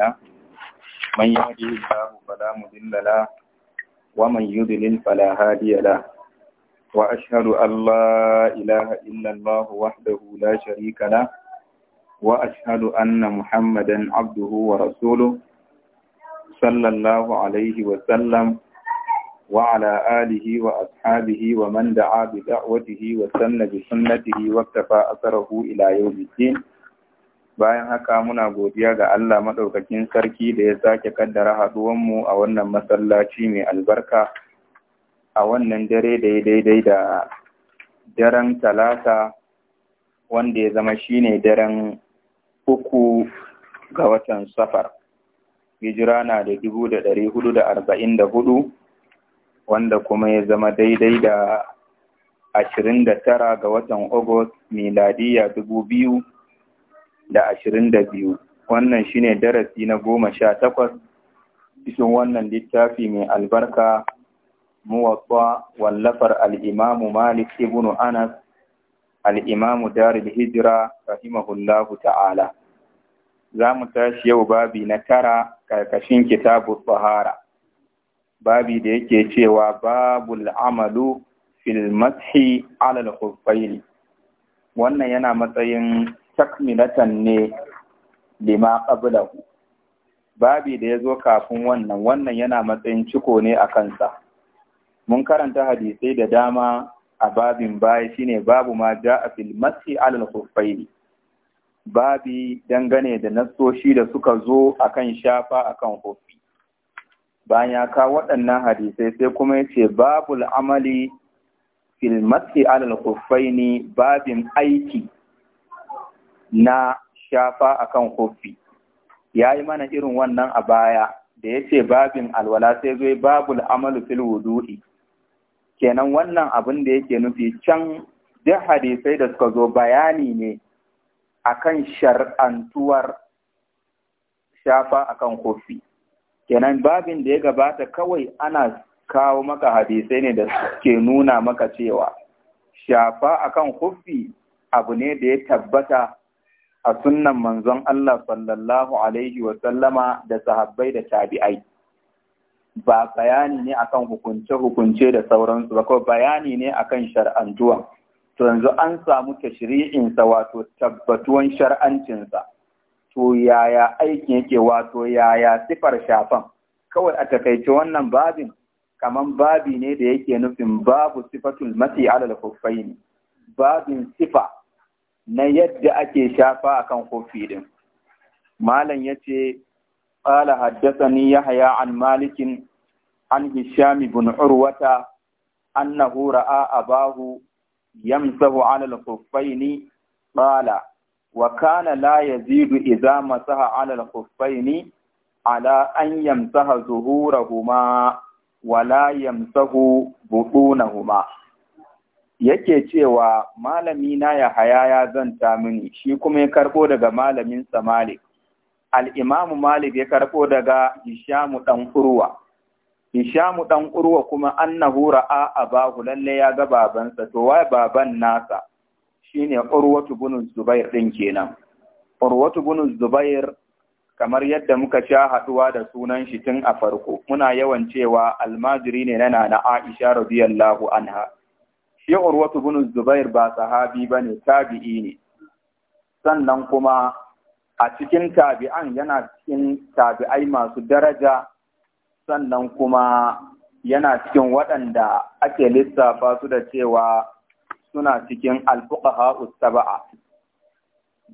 أنفسنا من يهده الله فلا مضل له ومن يضلل فلا هادي له وأشهد أن لا إله إلا الله وحده لا شريك له وأشهد أن محمدا عبده ورسوله صلى الله عليه وسلم وعلى آله وأصحابه ومن دعا بدعوته وسن بسنته واكتفى أثره إلى يوم الدين bayan haka muna godiya ga Allah maɗaukakin sarki da ya sake kaddara haɗuwanmu a wannan masallaci mai albarka a wannan dare da ya daidai da daren talata wanda ya zama shine daren uku ga watan safar hijira na da dubu da ɗari hudu da arba'in da hudu wanda kuma ya zama daidai da ashirin da tara ga watan agus miladiya dubu biyu da ashirin da biyu wannan shi ne darasi na goma sha takwas cikin wannan littafi mai albarka muwatsa wallafar al'imamu malik ibn anas al'imamu darul hijira rahimahullahu ta'ala za mu tashi yau babi na tara ƙarƙashin kitabu tsohara babi da yake cewa babul amalu fil alal hufaili. wannan yana matsayin takminatan ne lima qablahu babi da ya zo kafin wannan wannan yana matsayin ciko ne a kansa mun karanta hadisai da dama a babin baya shine babu ma a fil masi alal ne. babi dangane da nassoshi da suka zo akan shafa akan hufi bayan ya kawo waɗannan hadisai sai kuma ya ce babul amali fil alal ne babin aiki na shafa akan kofi ya yi mana irin wannan a baya da ya ce babin alwala sai zo babul amalu fil wudu'i kenan wannan abin da yake nufi can duk hadisai da suka zo bayani ne akan shar'antuwar shafa akan kofi kenan babin da ya gabata kawai ana kawo maka hadisai ne da suke nuna maka cewa shafa akan kofi abu ne da ya tabbata a sunnan manzon Allah sallallahu alaihi wa sallama da sahabbai da tabi'ai ba bayani ne akan hukunce-hukunce da sauransu ba kawai bayani ne akan shar'antuwan to yanzu an samu sa wato tabbatuwan shar'ancinsa to yaya aikin yake wato yaya sifar shafan kawai a takaice wannan babin kamar babi ne da yake nufin babu sifatul masi alal kuffaini babin sifa na yadda ake shafa a kan kofi ɗin. malam yace qala haddathani yahya an malikin an hisham ibn urwata annahu ra'a abahu yamsahu 'ala al-khuffayn qala wa kana la yazidu idza masaha 'ala al-khuffayn ala an yamsaha zuhurahuma wala yamsahu huma. yake cewa malami na ya haya ya zanta mini shi kuma ya karɓo daga malamin sa Malik al-Imam Malik ya karɓo daga Hishamu dan Urwa Hishamu dan Urwa kuma annahu ra'a abahu lalle ya ga babansa to wai baban nasa shine Urwatu bin Zubair ɗin kenan Urwatu bin Zubair kamar yadda muka sha haɗuwa da sunan shi tun a farko muna yawan cewa almajiri ne na na Aisha radiyallahu anha shi urwatu bin zubair ba sahabi ba ne, tabi'i ne sannan kuma a cikin tabi'an yana cikin tabi'ai masu daraja sannan kuma yana cikin waɗanda ake lissafa su da cewa suna cikin alfuqaha saba'a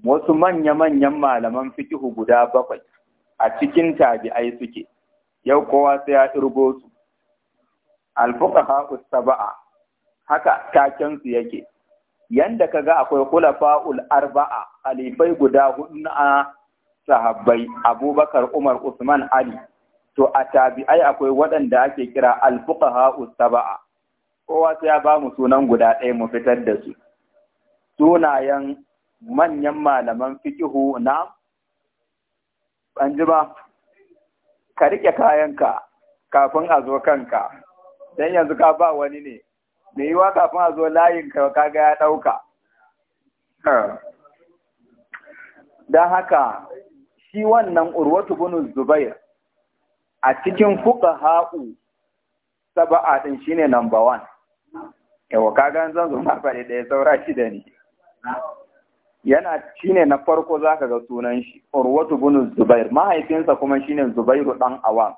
wasu manya-manyan malaman fikihu guda bakwai a cikin tabi'ai suke yau kowa sai ya irgo su alfuqaha saba'a haka takensu yake yanda ka ga akwai kulafa'ul arba'a alifai guda hudu na sahabbai abubakar umar usman ali to a tabi'ai akwai waɗanda ake kira alfuqaha saba'a kowa sai ya ba mu sunan guda ɗaya mu fitar da su sunayen manyan malaman fikihu na an ka rike kayanka kafin a zo kanka Dan yanzu ka ba wani ne da yiwa kafin a zo layin ka kaga ya ɗauka. Don haka shi wannan urwatu bin Zubair a cikin fuka haƙu saba'a ɗin shi ne namba wan. Yawa kaga zan zo na faɗi ɗaya saura shida ne. Yana shi ne na farko za ka ga sunan shi, urwatu bin Zubair, mahaifinsa kuma shi ne Zubairu ɗan Awam.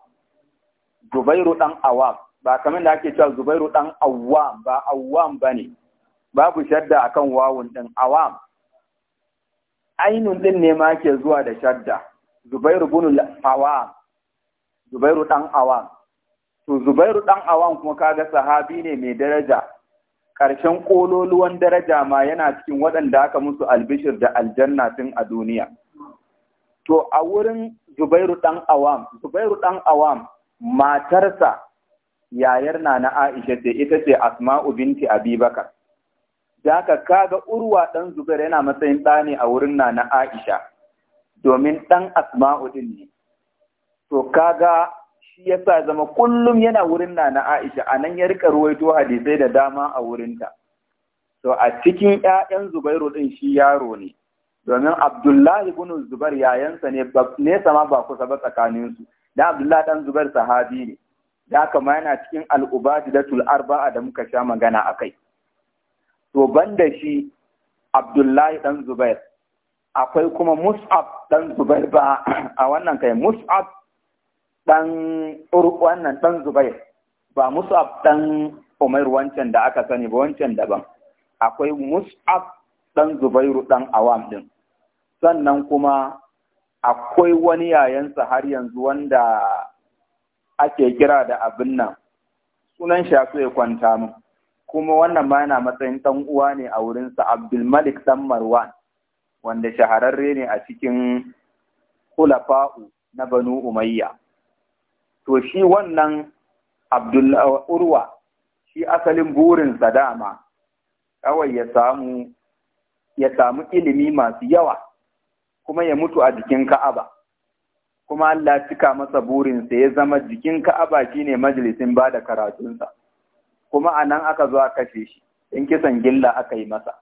Zubairu ɗan Awam ba kamar da ake cewa Zubairu dan awam ba ba bane babu shadda akan wawun din Awam ainun din ne ma ke zuwa da shadda Zubairu bin Awam Zubairu dan Awam to Zubairu dan Awam kuma kaga sahabi ne mai daraja Karshen kololuwan daraja ma yana cikin waɗanda aka musu albishir da aljanna tun a duniya to a wurin Zubairu dan Awam Zubairu dan Awam matarsa yayar na na Aisha ce ita ce Asma'u binti abibakar Da kaga Urwa ɗan Zubair yana matsayin ɗa ne a wurin na na Aisha, domin ɗan Asma'u din ne. To kaga shi ya sa zama kullum yana wurin na na Aisha, a nan ya rika ruwaito hadisai da dama a wurinta. To a cikin ‘ya'yan Zubairu ɗin shi yaro ne, domin Abdullahi bin Zubair yayansa ne nesa ma ba kusa ba tsakaninsu, dan Abdullahi Dan Zubair sahabi ne. da aka ma yana cikin al'ubadilatul arba'a da muka sha magana a kai. To banda shi Abdullahi ɗan Zubair, akwai kuma Mus'ab ɗan Zubair ba a wannan kai Mus'ab ɗan wannan ɗan Zubair ba Mus'ab ɗan Umar wancan da aka sani ba wancan daban. Akwai Mus'ab ɗan Zubairu ɗan Awam ɗin. Sannan kuma akwai wani yayansa har yanzu wanda ake kira da abin nan sunan shi ya kwanta mu kuma wannan ma yana matsayin ɗan uwa ne a wurinsa abdulmalik dan marwan wanda shahararre ne a cikin kulafa'u na banu umayya to shi wannan abdul uh, urwa shi asalin burinsa dama kawai ya samu ya samu ilimi masu yawa kuma ya mutu a jikin ka'aba kuma Allah cika masa burinsa ya zama jikin ka'aba ne majalisin ba da karatunsa kuma a nan aka zo a kashe shi in kisan gilla aka yi masa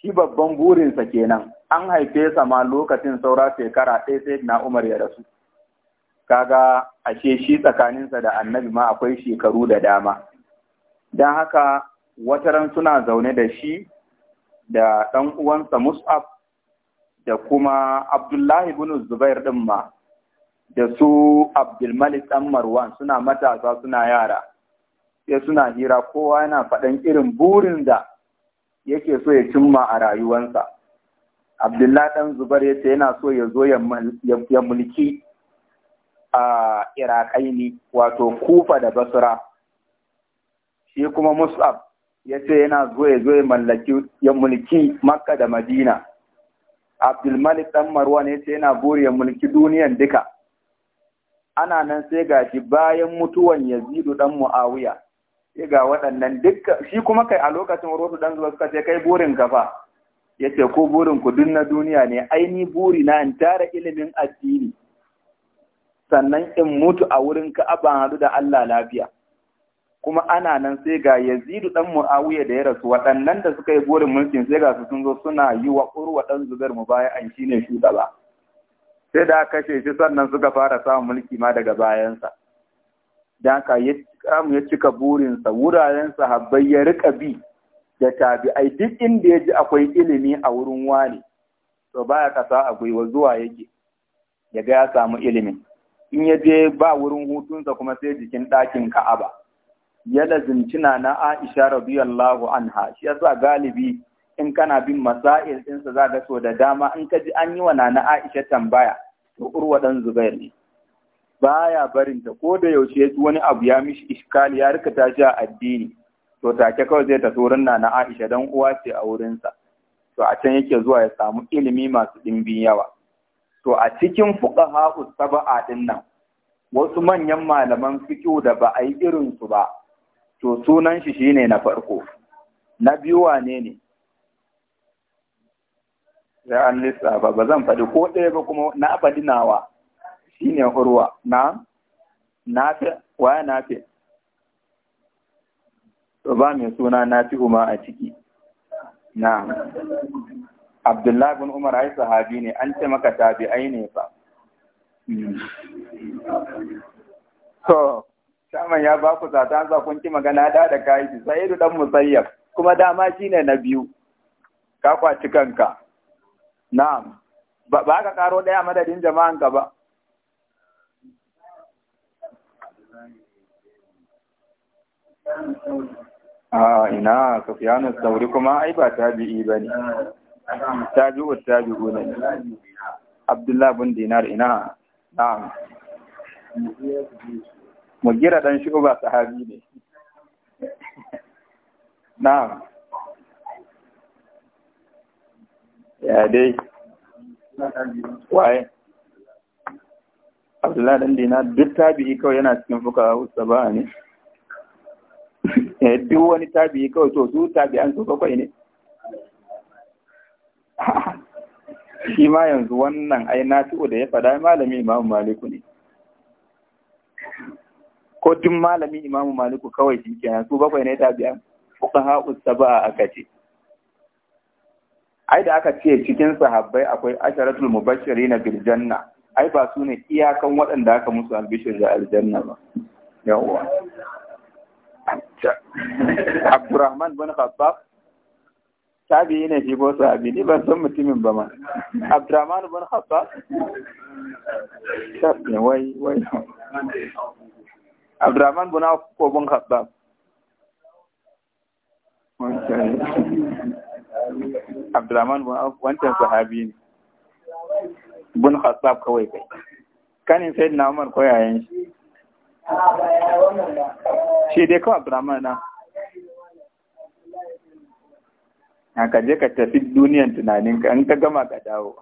shi babban burinsa kenan an haife sa ma lokacin saura shekara ɗaya sai na Umar ya rasu kaga ashe shi tsakaninsa da annabi ma akwai shekaru da dama don haka wataran suna zaune da shi da ɗan uwansa Mus'ab da kuma Abdullahi bin Zubair ɗin ma da su Abdulmalik ɗan Marwan suna matasa suna yara, sai suna hira kowa yana faɗan irin burin da yake so ya cimma a rayuwansa. Abdullahi ɗan Zubar ya ce yana so ya zo ya mulki a Irakaini wato Kufa da Basra. Shi kuma Mus'ab ya ce yana zo ya zo ya mulki Makka da Madina. Abdulmalik ɗan Marwan ya ce yana buri ya mulki duniyan duka. ana nan sai ga shi bayan mutuwan yazidu dan mu'awiya sai ga waɗannan dukkan shi kuma kai a lokacin rotu dan zuwa suka ce kai burin ka fa yace ko burin ku duk na duniya ne aini buri na in tara ilimin addini sannan in mutu a wurin ka, aban hadu da Allah lafiya kuma ana nan sai ga yazidu dan mu'awiya da ya rasu waɗannan da suka yi burin mulkin sai ga su sun zo suna yi wa mu dan zubair mubaya'an shine shugaba sai da aka kashe shi sannan suka fara samun mulki ma daga bayansa dan ka ya ya cika burinsa wurarensa, habbai ya rika bi da tabi'ai duk inda ya ji akwai ilimi a wurin wani to baya kasa a gwiwa zuwa yake ya ga ya samu ilimin in ya je ba wurin hutunsa kuma sai jikin ɗakin Ka'aba ya lazimci na Aisha radiyallahu anha shi yasa galibi in kana bin masail ɗinsa za ga so da dama in ka ji an yi wa nana Aisha tambaya to urwa dan Zubair ne baya barin ta ko da yaushe yaji wani abu ya mishi Ishkali ya rika ta a addini to take kawai zai ta wurin nana Aisha dan uwa ce a wurinsa to a can yake zuwa ya samu ilimi masu ɗimbin yawa to a cikin fuqaha usaba'a din nan wasu manyan malaman fiqh da ba a yi irin su ba to sunan shi shine na farko na biyu wane ne sai an lissafa ba zan faɗi ko ɗaya ba kuma na faɗi nawa shine urwa na nafe? Waya nafe? to ba mai suna nafi kuma a ciki na Abdullahi bin Umar ai sahabi ne an ce maka tabi'ai ne fa hmm. to shaman ya ba ku satan sa kun magana da da kai Sa'idu dan Musayyab kuma dama shine na biyu ka kwaci kanka na'am ba ka karo ɗaya madadin jama'an ka ba a ina sufyanu sauri kuma ai ba tabi'i bane tabi'u tabi'u ne abdullahi bin dinar ina na'am mugira dan ba sahabi ne na'am ya dai waye abdullahi dan dina duk tabi'i kawai yana cikin fuka wasu ba ne eh, duk wani tabi'i kawai to su tabi'an su bakwai ne shi ma yanzu wannan ai nafi'u da ya faɗa malami imamu maliku ne ko duk malami imamu maliku kawai shi kenan su bakwai ne tabi'an fuka hausa ba a kace ai da aka ce cikin sahabbai akwai asharatul mubashirina bil janna ai ba su ne iyakan waɗanda aka musu albishir da aljanna ba yawwa Abdurrahman bin Khattab tabi ne shi ko sahabi ni ban san mutumin ba ma Abdurrahman bin Khattab tabi wai wai Abdurrahman bin Auf ko Abdulrahman bin Auf wancan sahabi ne bin Khattab kawai kai kanin sai na Umar ko yayan shi shi dai kawai Abdulrahman na haka je ka tafi duniyan tunanin ka in ka gama ka dawo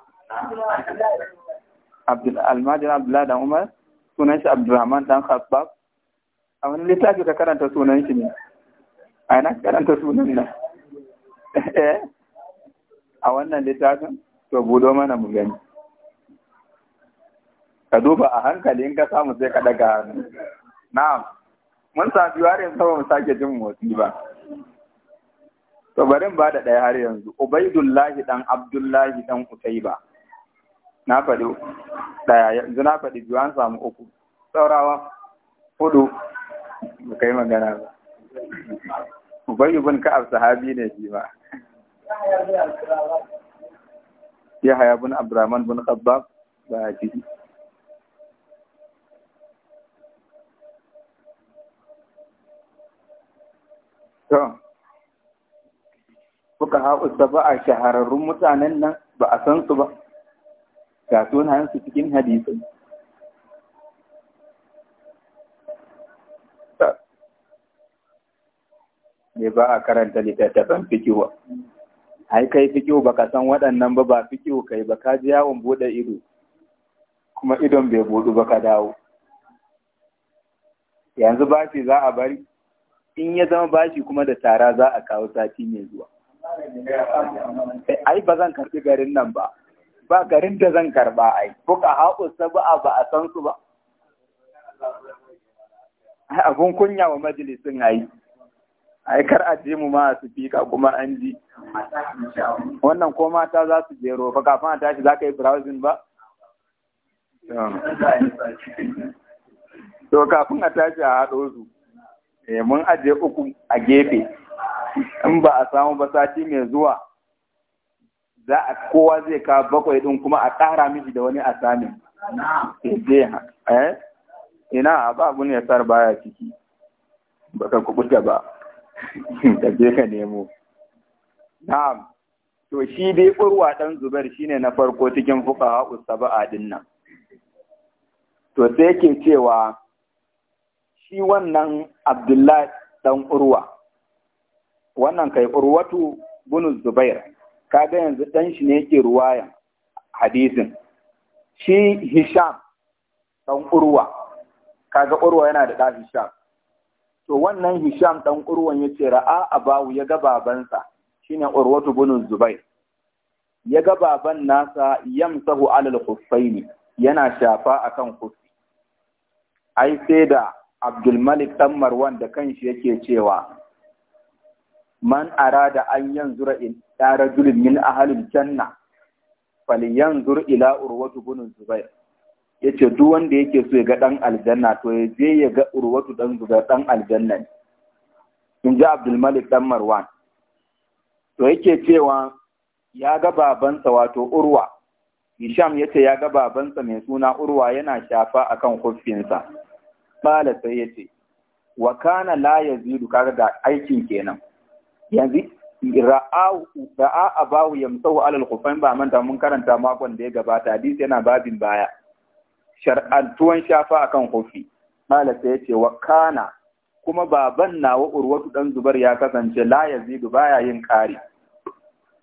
Abdul Almajin Abdullah dan Umar sunan shi Abdulrahman dan Khattab a wani littafi ka karanta sunan shi ne a ina karanta sunan nan Eh? a wannan littafin to budo mana mu gani ka duba a hankali in ka samu sai ka daga hannu na'am mun sami har yanzu ba mu sake jin motsi ba to bari ba da ɗaya har yanzu ubaidullahi dan abdullahi dan ba na faɗi ɗaya yanzu na faɗi biyu an samu uku saurawa hudu ba kai magana ba Ubaidu bin ka'ab sahabi ne shi ba يحيى بن عبد الرحمن بن خباب باجي to haƙus da ba a shahararrun mutanen nan ba a san su ba ga sunayensu cikin hadisai Me ba a karanta littattafan fikiwa. ai kai fikihu baka san waɗannan ba ba fikihu kai ba ka ji yawon buɗe ido kuma idon bai buɗu ba ka dawo yanzu bashi za a bari in ya zama bashi kuma da tara za a kawo sati mai zuwa ai ba zan karɓi garin nan ba ba garin da zan karɓa ai buka haƙusa ba ba a san su ba abun kunya wa majalisun, ai ai kar a je mu ma a sifika kuma an ji wannan ko mata za su jero fa kafin a tashi za ka yi browsing ba to kafin a tashi a haɗo su eh, mun aje uku a gefe in ba a samu ba sati mai zuwa za a kowa zai ka bakwai din kuma a ƙara miji da wani a sami. Eh? ina ba abu ne sar baya ciki ba ka kubuta ba ka je ka nemo na'am to shi dai urwa ɗan zubair shine na farko cikin fuqaha usaba'a din nan to sai ke cewa shi wannan abdullahi ɗan urwa wannan kai urwatu bunu zubair kaga yanzu ɗan shi ne yake ruwayan hadisin shi hisham ɗan urwa kaga urwa yana da ɗan hisham to wannan Hisham dan Urwan yace ra'a abawu ya ga babansa shine Urwatu bin Zubair ya ga baban nasa yamsahu alal khuffaini yana shafa akan khuffi ai sai da Abdul Malik dan Marwan da kanshi yake cewa man arada an yanzura in rajulin min ahlil janna falyanzur ila urwatu bin Zubair ya ce duk wanda yake so ya ga ɗan aljanna to ya je ya ga urwatu ɗan zubar ɗan aljanna ne in ji abdulmalik ɗan marwan to yake cewa ya ga babansa wato urwa isham ya ce ya ga babansa mai suna urwa yana shafa a kan kuffinsa. bala sai ya ce wa kana la zidu kaga ga aikin kenan yanzu ra'a ya musau alal kufan ba manta mun karanta makon da ya gabata hadisi yana babin baya shar'antuwan shafa akan kofi malasa yace wa kana kuma baban nawa urwatu dan zubar ya kasance la yazidu baya yin kari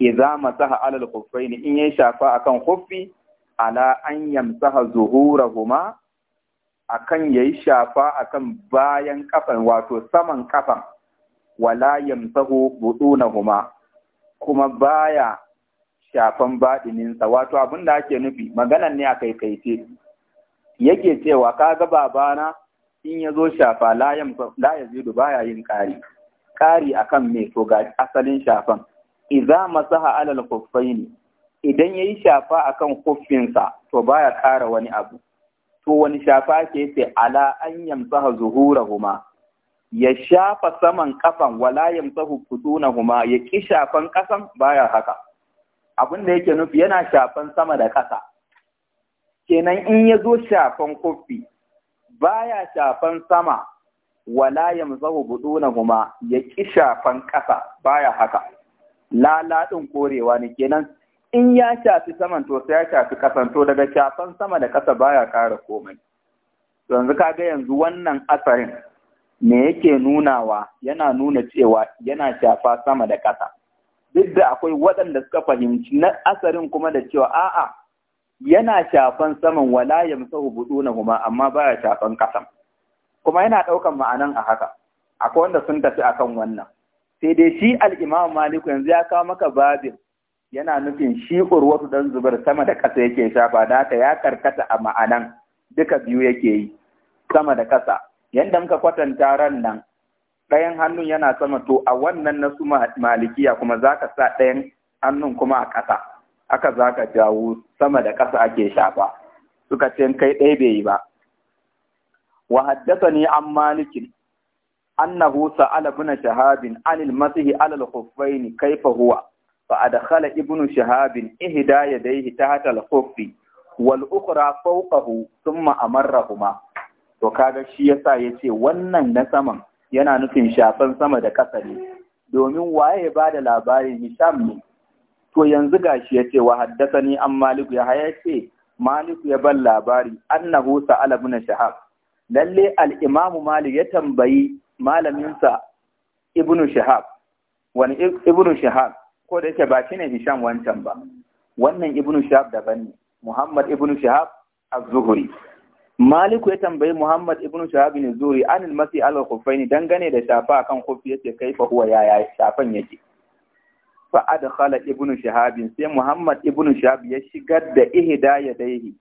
idza masaha alal khuffaini in yay shafa akan khuffi ala an yamsaha zuhurahuma akan yayi shafa akan bayan kafan wato saman kafan wala yamsahu budunahuma kuma baya shafan baɗininsa wato abinda ake nufi maganan ne a kaice. yake cewa "Ka ga babana in ya zo shafa la ba ya yin ƙari ƙari akan mai to ga asalin shafan masu masaha alal ne. idan ya yi shafa akan kufinsa to ba ya ƙara wani abu to wani shafa ke ce ala an zuhura huma" ya shafa saman kafan wala yamsahu huma. ya ƙi shafan kasan ya haka abin da yake nufi yana shafan sama da ƙasa kenan in ya zo shafan kofi ba ya shafan sama wala na kuma ya ƙi shafan ƙasa baya haka laladin korewa ne kenan in ya shafi saman to sai ya shafi ƙasan to daga shafan sama da ƙasa ba ya ƙara komai yanzu kaga yanzu wannan asarin me yake nunawa yana nuna cewa yana shafa sama da ƙasa duk da akwai waɗanda suka fahimci na asarin kuma da cewa a'a yana shafan saman wala na huma amma baya shafan kasan kuma yana ɗaukan ma'anan a haka akwai wanda sun tafi akan wannan sai dai shi al maliku yanzu ya kawo maka babin yana nufin shi urwatu dan zubar sama da ƙasa yake shafa da haka ya karkata a ma'anan duka biyu yake yi sama da ƙasa yanda muka kwatanta ran nan ɗayan hannun yana sama to a wannan na su malikiya kuma za ka sa ɗayan hannun kuma a ƙasa aka za ka jawo sama da ƙasa ake shafa suka ce kai ɗaya bai yi ba wa haddasa ni an malikin annahu sa'ala ibn shahabin anil masihi alal khuffaini kaifa huwa fa adkhala ibnu shahabin ihda yadayhi tahta hata khuffi wal fauƙahu sun thumma amarrahuma to kaga shi yasa ce wannan na saman yana nufin shafan sama da ƙasa ne domin waye ba da labarin Hisham ne to yanzu gashi yace wa haddathani an malik ya haya ce malik ya ban labari annahu sa'ala bin shahab lalle al-imamu malik ya tambayi malaminsa ibn shahab wani ibn shahab ko da yake ba shine hisham wancan ba wannan ibn shahab daban ne muhammad ibn shahab az-zuhri Maliku ya tambayi Muhammad ibn Shahab ne Zuri anil masi al-khuffaini dangane da shafa kan khuffi yace kaifa huwa yaya shafan yake fa'ad khala ibn shahabin sai muhammad ibn shahab ya shigar da ya daihi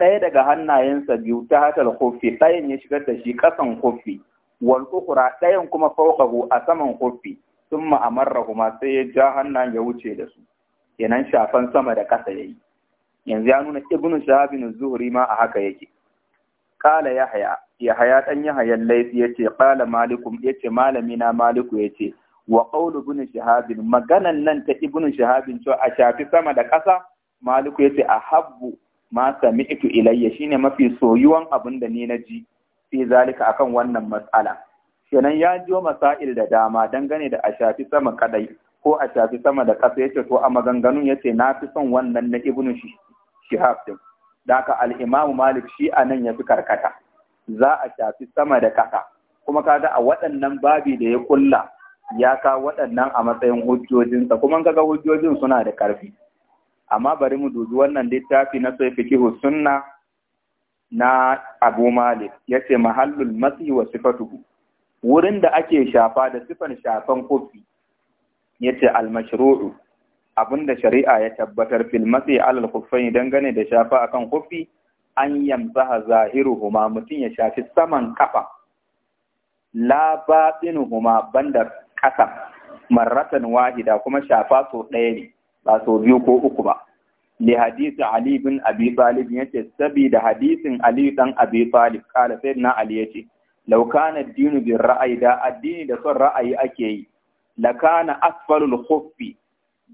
ɗaya daga hannayensa biyu ta hatar kofi ɗayan ya shigar da shi ƙasan kofi wal ukura ɗayan kuma fauqahu a saman kofi thumma rahuma sai ya ja hannayen ya wuce da su kenan shafan sama da ƙasa yayi yanzu ya nuna ibn shahabin zuhri ma a haka yake qala yahya yahya dan yahya laifi yace qala malikum yace malami na maliku yace wa qawlu ibn shihab maganan nan ta ibn shahabin cewa a shafi sama da ƙasa maliku yace habbu ma sami'tu ilayya shine mafi soyuwan abin da ni na ji fi zalika akan wannan matsala kenan ya jiyo masail da dama dangane da a shafi sama kadai ko a shafi sama da ƙasa yace to a maganganun yace na fi son wannan na ibn shahab din da al malik shi anan ya fi karkata za a shafi sama da ƙasa kuma kaga a waɗannan babi da ya kulla ya ka waɗannan a matsayin hujjojinsa kuma kaga hujjojin suna da ƙarfi amma bari mu dubi wannan littafi na sai fikihu sunna na Abu Malik ce mahallul matsi wa sifatuhu wurin da ake shafa da sifan shafan kofi yace ce mashru'u abinda shari'a ya tabbatar fil matsi alal idan gane da shafa akan kofi an yamsaha zahiruhuma mutum ya shafi saman kafa la batinuhuma banda hasan marratan wahida kuma shafa so ɗaya ne ba so biyu ko uku ba li hadisi ali bin abi talib yace sabida hadisin ali dan abi talib kala na ali yace law kana dinu bir ra'ayi da addini da son ra'ayi ake yi la kana asfalul khuffi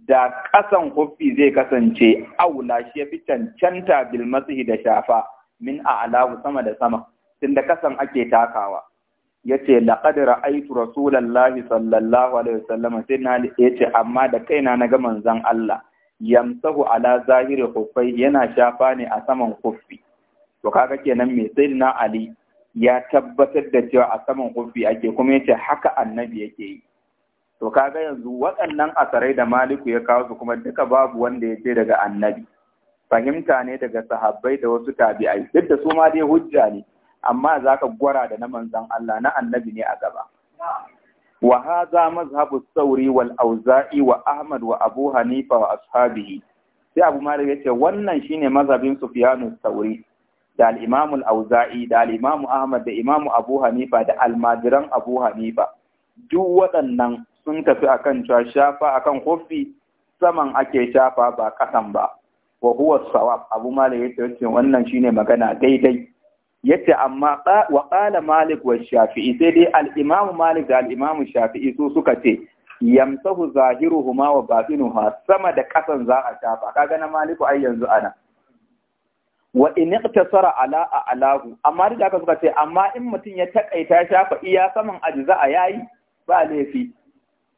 da kasan khuffi zai kasance aula shi fi cancanta bil masihi da shafa min a'lahu sama da sama tunda kasan ake takawa Ya yace "La'adar Aitu rasulallahi sallallahu alaihi wasallam sai na ce, amma da kaina na ga manzon Allah yamsahu ala zahiri khuffai yana shafa ne a saman khuffi to kaga kenan me na ali ya tabbatar da cewa a saman khuffi ake kuma yace haka annabi yake yi to kaga yanzu waɗannan asarai da maliku ya kawo su kuma duka babu wanda ya ce daga annabi fahimta ne daga sahabbai da wasu tabi'ai duk da su ma dai hujja ne amma za ka gwara da na manzan Allah na annabi ne a gaba. Wa haza mazhabu sauri wal auza'i wa Ahmad wa Abu Hanifa wa ashabihi. Sai Abu Malik ya ce wannan shine mazhabin Sufyanu sauri da al-Imam al da al-Imam Ahmad da Imam Abu Hanifa da almajiran Abu Hanifa. Duk waɗannan sun tafi akan cewa shafa akan kofi saman ake shafa ba kasan ba. Wa huwa sawab Abu Malik ya ce wannan shine magana daidai. yace amma wa qala malik wa shafi'i sai dai al-imam malik da al-imam shafi'i su suka ce yamsahu zahiruhuma wa batinuhuma sama da kasan za a shafa kaga na maliku ai yanzu ana wa in iqtasara ala alahu amma da aka suka ce amma in mutum ya takaita shafa iya saman ajza a yayi ba laifi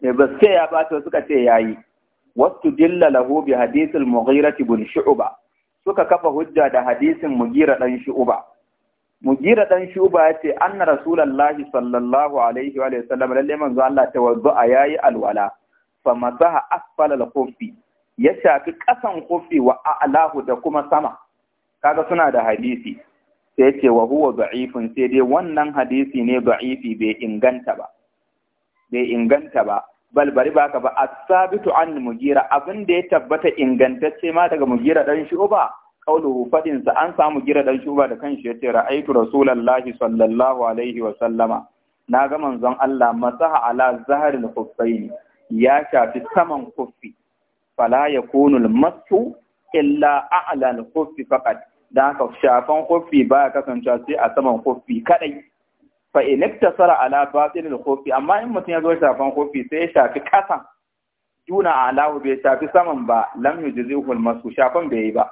ne eh, ba sai ya bata suka ce yayi wasu dilla lahu bi hadithil mughirati bin shu'ba suka kafa hujja da hadisin mughira dan shu'ba mugira dan shuba ya ce anna rasulullahi sallallahu alaihi wa sallam lalle manzo Allah tawaddu'a yayi alwala fa masaha asfala al-khuffi ya shafi kasan khuffi wa a'lahu da kuma sama kaga suna da hadisi sai ce wa huwa da'ifun sai dai wannan hadisi ne da'ifi bai inganta ba bai inganta ba bal bari baka ba as an mugira abin da ya tabbata ingantacce ma daga mugira dan shuba kauluhu fadin sa an samu gira dan shuba da kanshi yace ra'aytu rasulullahi sallallahu alaihi wa sallama na ga manzon Allah masaha ala zaharil khuffain ya shafi saman kuffi fala yakunu al-masu illa a'la al-khuffi faqat dan ka shafan kuffi ba kasancewa sai a saman kuffi kadai fa in iktasara ala al khuffi amma in mutum ya zo shafan kuffi sai ya shafi kasan duna alahu bai shafi saman ba lam yujzihu al-masu shafan bai yi ba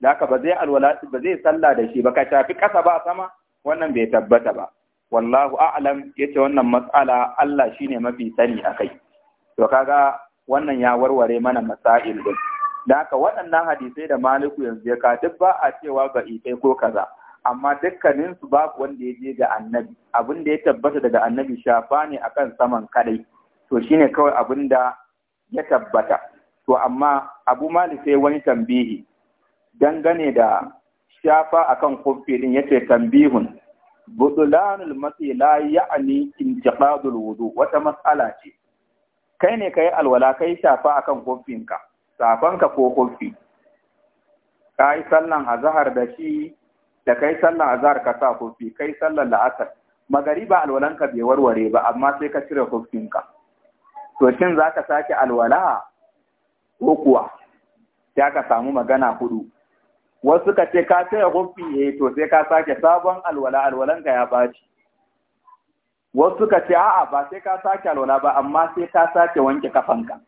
da haka ba zai alwala ba zai sallah da shi ba ka tafi kasa ba sama wannan bai tabbata ba wallahu a'lam yace wannan mas'ala Allah shine mafi sani akai to kaga wannan ya warware mana masail din da haka waɗannan hadisai da maliku yanzu ya ka duk ba a cewa ba ifai ko kaza amma dukkanin su babu wanda ya je ga annabi abin da ya tabbata daga annabi shafa ne akan saman kadai to shine kawai abin da ya tabbata to amma abu malik sai wani tambihi dangane da shafa akan kofi din yace tambihun budulanul matsi la ya'ni intiqadul wudu wata matsala ce kai ne kai alwala kai shafa akan kofinka safanka ko kofi kai sallan azhar da shi da kai sallan azhar ka sa kofi kai sallan la'asar magariba alwalanka bai warware ba amma sai ka cire kofinka to shin zaka sake alwala ko kuwa ya ka samu magana hudu wasu ka ce ka taya hufi yi eh, to sai ka sake sabon alwala ka ya baci wasu ka ce a'a ba sai ka sake alwala ba amma sai ka sake wanke kafanka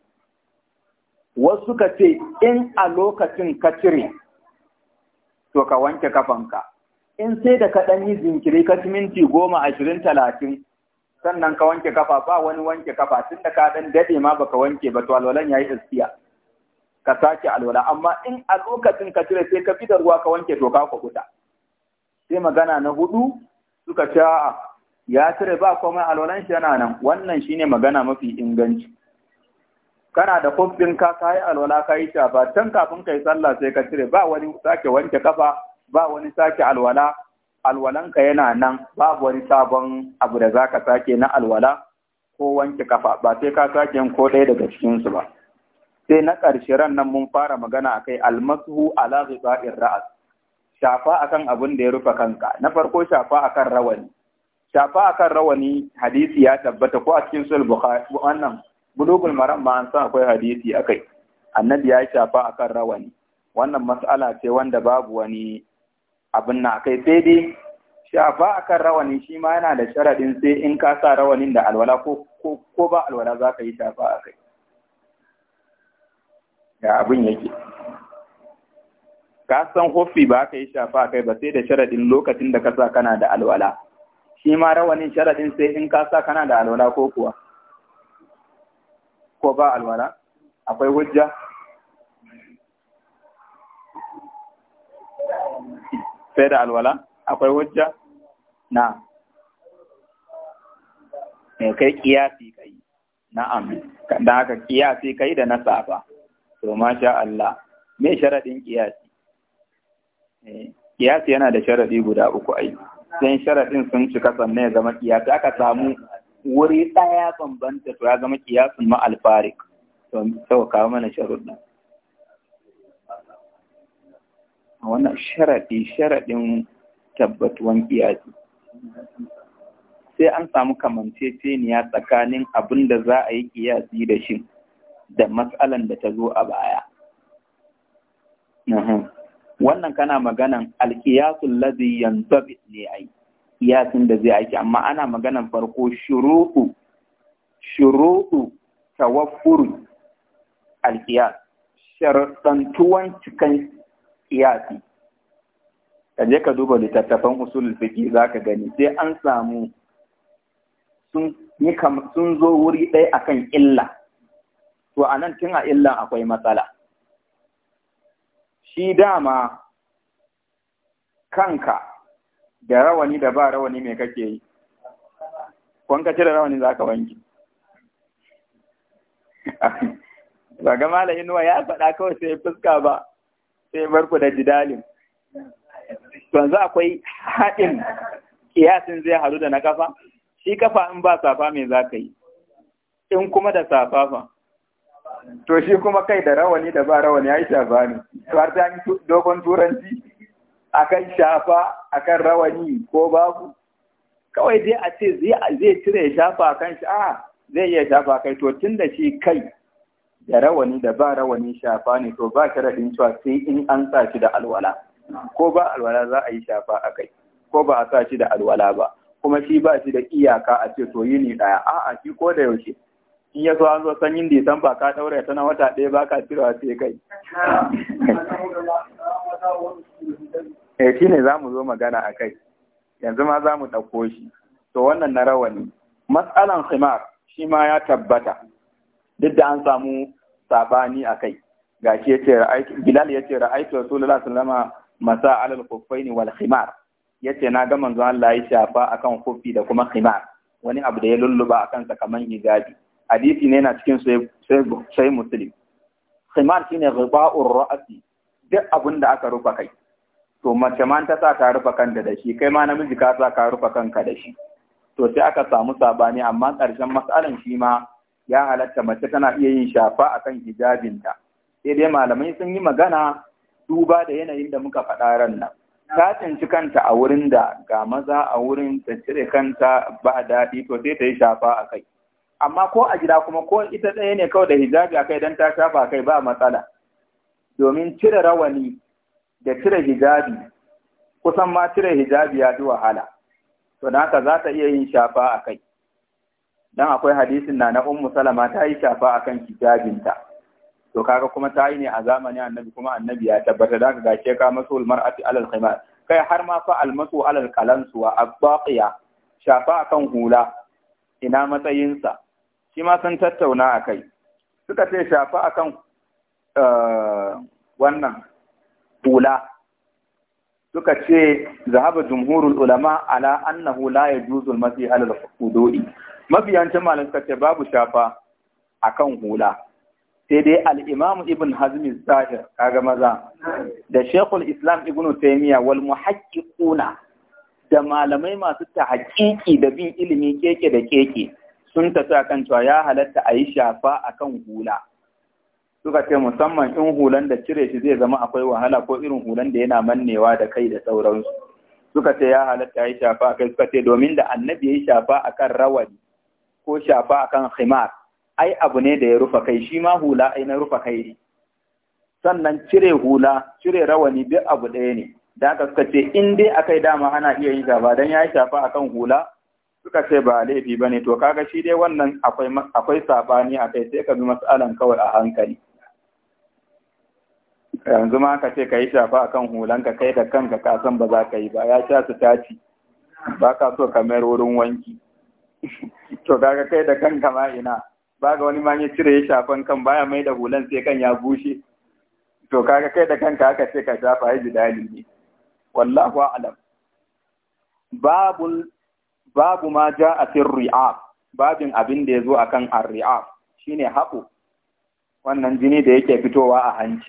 wasu ka ce in a lokacin ka cire to ka wanke kafanka in sai da ka ɗan yi zinkiri ka ci minti goma ashirin talatin sannan ka wanke kafa ba wani wanke kafa tun da ka ɗan daɗe ma baka wanke ba to alwalan ya yi iskiya ka sake alwala amma in a lokacin ka cire sai ka fi da ruwa ka wanke toka ka kubuta sai magana na hudu suka ce ya cire ba komai alwalan shi yana nan wannan shine magana mafi inganci kana da kofin ka kai alwala kai ta ba tun kafin kai sallah sai ka cire ba wani sake wanke kafa ba wani sake alwala ka yana nan babu wani sabon abu da zaka sake na alwala ko wanke kafa ba sai ka sake yin ko ɗaya daga cikin su ba sai na ƙarshe ran nan mun fara magana akai almasu ala ghiba'ir ra'as shafa akan abin da ya rufe kanka na farko shafa akan rawani shafa akan rawani hadisi ya tabbata ko a cikin sul bukhari wannan bulugul maram ma an san akwai hadisi akai annabi ya shafa akan rawani wannan mas'ala ce wanda babu wani abin na akai sai dai shafa akan rawani shi ma yana da sharaɗin sai in ka sa rawanin da alwala ko ba alwala za ka yi shafa akai ga abin yake ka san hofi ba ka yi shafa kai ba sai da sharaɗin lokacin da ka sa kana da alwala shi ma rawanin sharaɗin sai in ka sa kana da alwala ko kuwa ko ba alwala akwai hujja sai da alwala akwai hujja na eh, kai kiyasi kai na'am da haka kiyasi kai da na safa to masha Allah me sharaɗin kiyasi eh, kiyasi yana da sharaɗi guda uku ai sai sharaɗin sun cika sannan ya zama kiyasi aka samu wuri ɗaya bambanta to ya zama kiyasun ma alfarik to kawo mana sharuɗin wannan sharaɗi sharaɗin tabbatuwan kiyasi sai an samu kamanceceniya tsakanin abin da za a yi kiyasi da shi da matsalan da ta zo a baya. Wannan kana maganan alƙiyasun lazi yanzu ne a yi, iyasin da zai aiki, amma ana maganan farko shuruɗu, shuruɗu wafuru alƙiyas, sharɗantuwan cikin iyasi. Ka ka duba littattafan usul fiki za ka gani, sai an samu sun zo wuri ɗaya akan illa. to a nan tun a illan akwai matsala. Shi dama kanka da rawani da ba rawani mai kake yi, ce da rawani za ka wanki. Ba ga mala inuwa ya faɗa kawai sai fuska ba, sai barku da jidalin. za akwai haɗin kiyasin zai haru da na kafa, shi kafa in ba safa mai za ka yi, in kuma da safa fa. to shi kuma kai da rawani da ba rawani ai shafa ne ta yi dogon turanci akan shafa akan rawani ko babu kawai dai a ce zai cire shafa kan shi a zai iya shafa kai to tun da shi kai da rawani da ba rawani shafa ne to ba ta raɗin cewa sai in an sa shi da alwala ko ba alwala za a yi shafa a kai ko ba a sa shi da alwala ba kuma shi ba shi da iyaka a ce to yini ɗaya a'a shi ko da yaushe in ya so an zo sanyin disamba ka ɗaure ta na wata ɗaya ba ka cirewa sai kai eh shi ne za mu zo magana a kai yanzu ma za mu ɗauko shi to wannan na rawani matsalan khimar shi ma ya tabbata duk da an samu sabani a kai ga shi yace bilal yace ra'aytu rasulullahi sallama masa alal khuffaini wal khimar yace na ga manzon Allah ya shafa akan khuffi da kuma khimar wani abu da ya lulluba akan sa kaman hijabi hadisi ne yana cikin sai musulmi khimar shine ghiba'ur ra'si duk abin da aka rufa kai to mace ma ta sa ka rufa kanta da shi kai ma namiji ka sa ka rufa kanka da shi to sai aka samu sabani amma karshen mas'alan shi ma ya halatta mace tana iya yin shafa akan hijabinta sai dai malamai sun yi magana duba da yanayin da muka faɗa ran nan ta tsinci kanta a wurin da ga maza a wurin ta cire kanta ba daɗi to sai ta yi shafa a kai amma ko a gida kuma ko ita ɗaya ne kawai da hijabi a kai don ta shafa kai ba matsala domin cire rawani da cire hijabi kusan ma cire hijabi ya ji wahala to na haka za ta iya yin shafa a kai don akwai hadisin na na ummu salama ta yi shafa a kan hijabinta to kaga kuma ta yi ne a zamanin annabi kuma annabi ya tabbata da ka gace ka masu mar'ati alal khimar kai har ma fa almasu alal kalansu wa abbaqiya shafa akan hula ina matsayinsa shi ma sun tattauna a kai suka ce shafa kan eh, wannan hula suka ce zahaba jumhurul ulama ala annahu la ya juzul mafi halar al mafi yancin malam suka ce babu shafa a kan hula sai dai al’imamu ibn hazmi zahir kaga maza da shekul islam ibn taymiya wal muhaqqiquna da malamai masu tahqiqi da bin ilimi keke da keke sun tafi kan cewa ya halatta a yi shafa a kan hula suka ce musamman in hulan da cire shi zai zama akwai wahala ko irin hulan da yana mannewa da kai da sauransu suka ce ya halatta yi shafa a kai suka ce domin da annabi ya yi shafa a kan rawani ko shafa a kan khimar ai abu ne da ya rufa kai shi ma hula ai na rufa kai ne sannan cire hula cire rawani duk abu ɗaya ne da aka suka ce in dai akai dama ana iya yin shafa don ya yi shafa akan hula suka ce ba laifi ba ne to kaga shi dai wannan akwai saɓani a kai sai ka bi matsalan kawai a hankali yanzu ma ka ce ka yi shafa a kan hulanka kai da kanka ka san ba za ka yi ba ya sha su taci ba ka so ka mayar wurin wanki to kaga kai da kanka ma ina ba ga wani ma ya cire ya shafan kan baya mai da hulan sai kan ya bushe to kaga kai da kanka aka ce ka shafa ya ji dali wallahu a'lam babul babu ma ja a fin ri'a babin abin da ya zo a kan a ri'a shi ne haƙo wannan jini da yake fitowa a hanci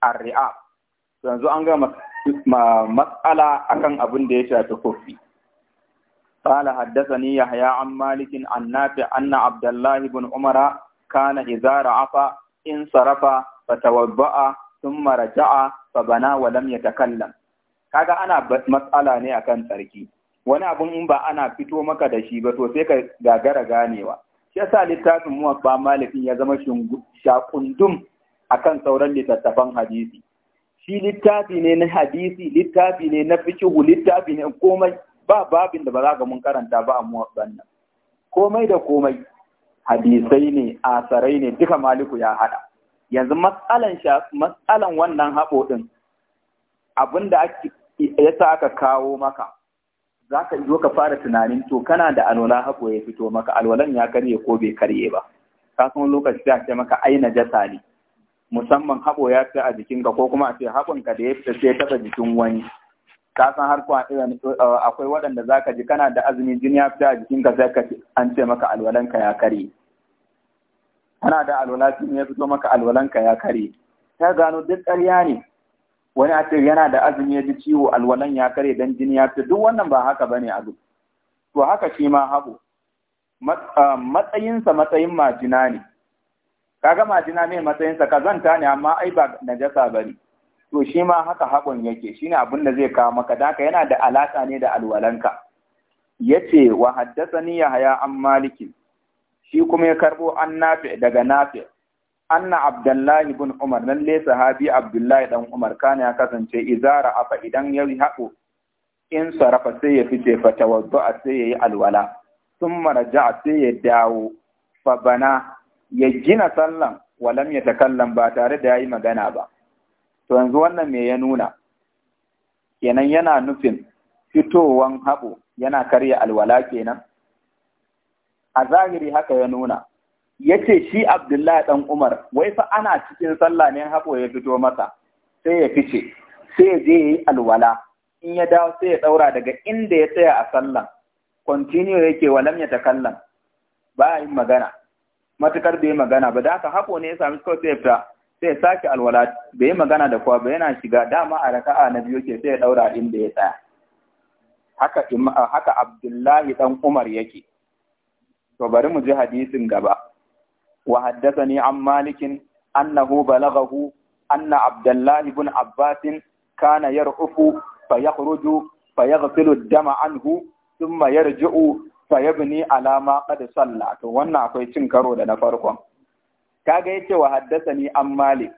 a ri'a yanzu an ga mas'ala a kan abin da ya sha ta kofi tsala haddasa ni ya haya an malikin an nafi an bin umara kana na afa in sarafa ba ta wabba'a sun mara ja'a ba bana wa lamya ta kallan kaga ana matsala ne a kan tsarki wani abin in ba ana fito maka da shi ba to sai ka gagara ganewa shi yasa littafin muwaffa malikin ya zama shakundum akan sauran littattafan hadisi shi littafi ne na hadisi littafi ne na fikihu littafi ne komai ba babin da ba za ka mun karanta ba a muwaffan nan komai da komai hadisai ne asarai ne duka maliku ya haɗa. yanzu matsalan matsalan wannan haɓo din abinda ake yasa aka kawo maka za ka zo ka fara tunanin to kana da alwala haƙo ya fito maka alwalan ya karye ko bai karye ba ka san lokaci sai ce maka ai jasa ne musamman haƙo ya fita a jikinka ko kuma a ce ka da ya fita sai ya taɓa jikin wani ka san har eh, akwai waɗanda za ka ji kana da azumi jini ya fita a jikinka sai ka an ce maka alwalanka ya karye kana da alwala jini ya fito maka alwalanka ya karye ta gano duk ƙarya ne wani a ce yana da azumi ya ji ciwo alwalan ya kare dan jini ya duk wannan ba haka bane a duk to haka shi ma haɓo matsayinsa matsayin majina ne kaga majina ne matsayinsa kazanta ne amma ai ba najasa bari to shi ma haka haɓon yake shine abin da zai kawo maka daka yana da alaƙa ne da alwalanka yace wa haddasa ni yahaya an maliki shi kuma ya karɓo an nafi daga nafi anna abdullahi ibn umar nan le sahabi abdullahi dan umar kana ya kasance izara afa idan ya haƙo in sarafa sai ya fice fa tawaddu'a sai yayi alwala thumma raja'a sai ya dawo fa bana ya gina sallan walam ya takallam ba tare da yayi magana ba to yanzu wannan me ya nuna kenan yana nufin fitowan haɓo yana karya alwala kenan a zahiri haka ya nuna ya ce shi abdullahi ɗan umar wai fa ana cikin sallah ne haƙo ya fito masa sai ya fice sai ya je ya yi alwala in ya dawo sai ya ɗaura daga inda ya tsaya a sallah continue yake walam ya takallam ba yin magana matukar bai magana ba da haka haƙo ne ya sami kawai sai ya fita sai ya sake alwala bai yi magana da kowa ba yana shiga dama a raka'a na biyu ke sai ya ɗaura inda ya tsaya haka haka abdullahi ɗan umar yake to bari mu ji hadisin gaba وحدثني عن مالك أنه بلغه أن عبد الله بن عباس كان يرعف فيخرج فيغسل الدم عنه ثم يرجع فيبني على ما قد صلى to wannan akwai cin karo da na farkon kaga yace wa haddathani an malik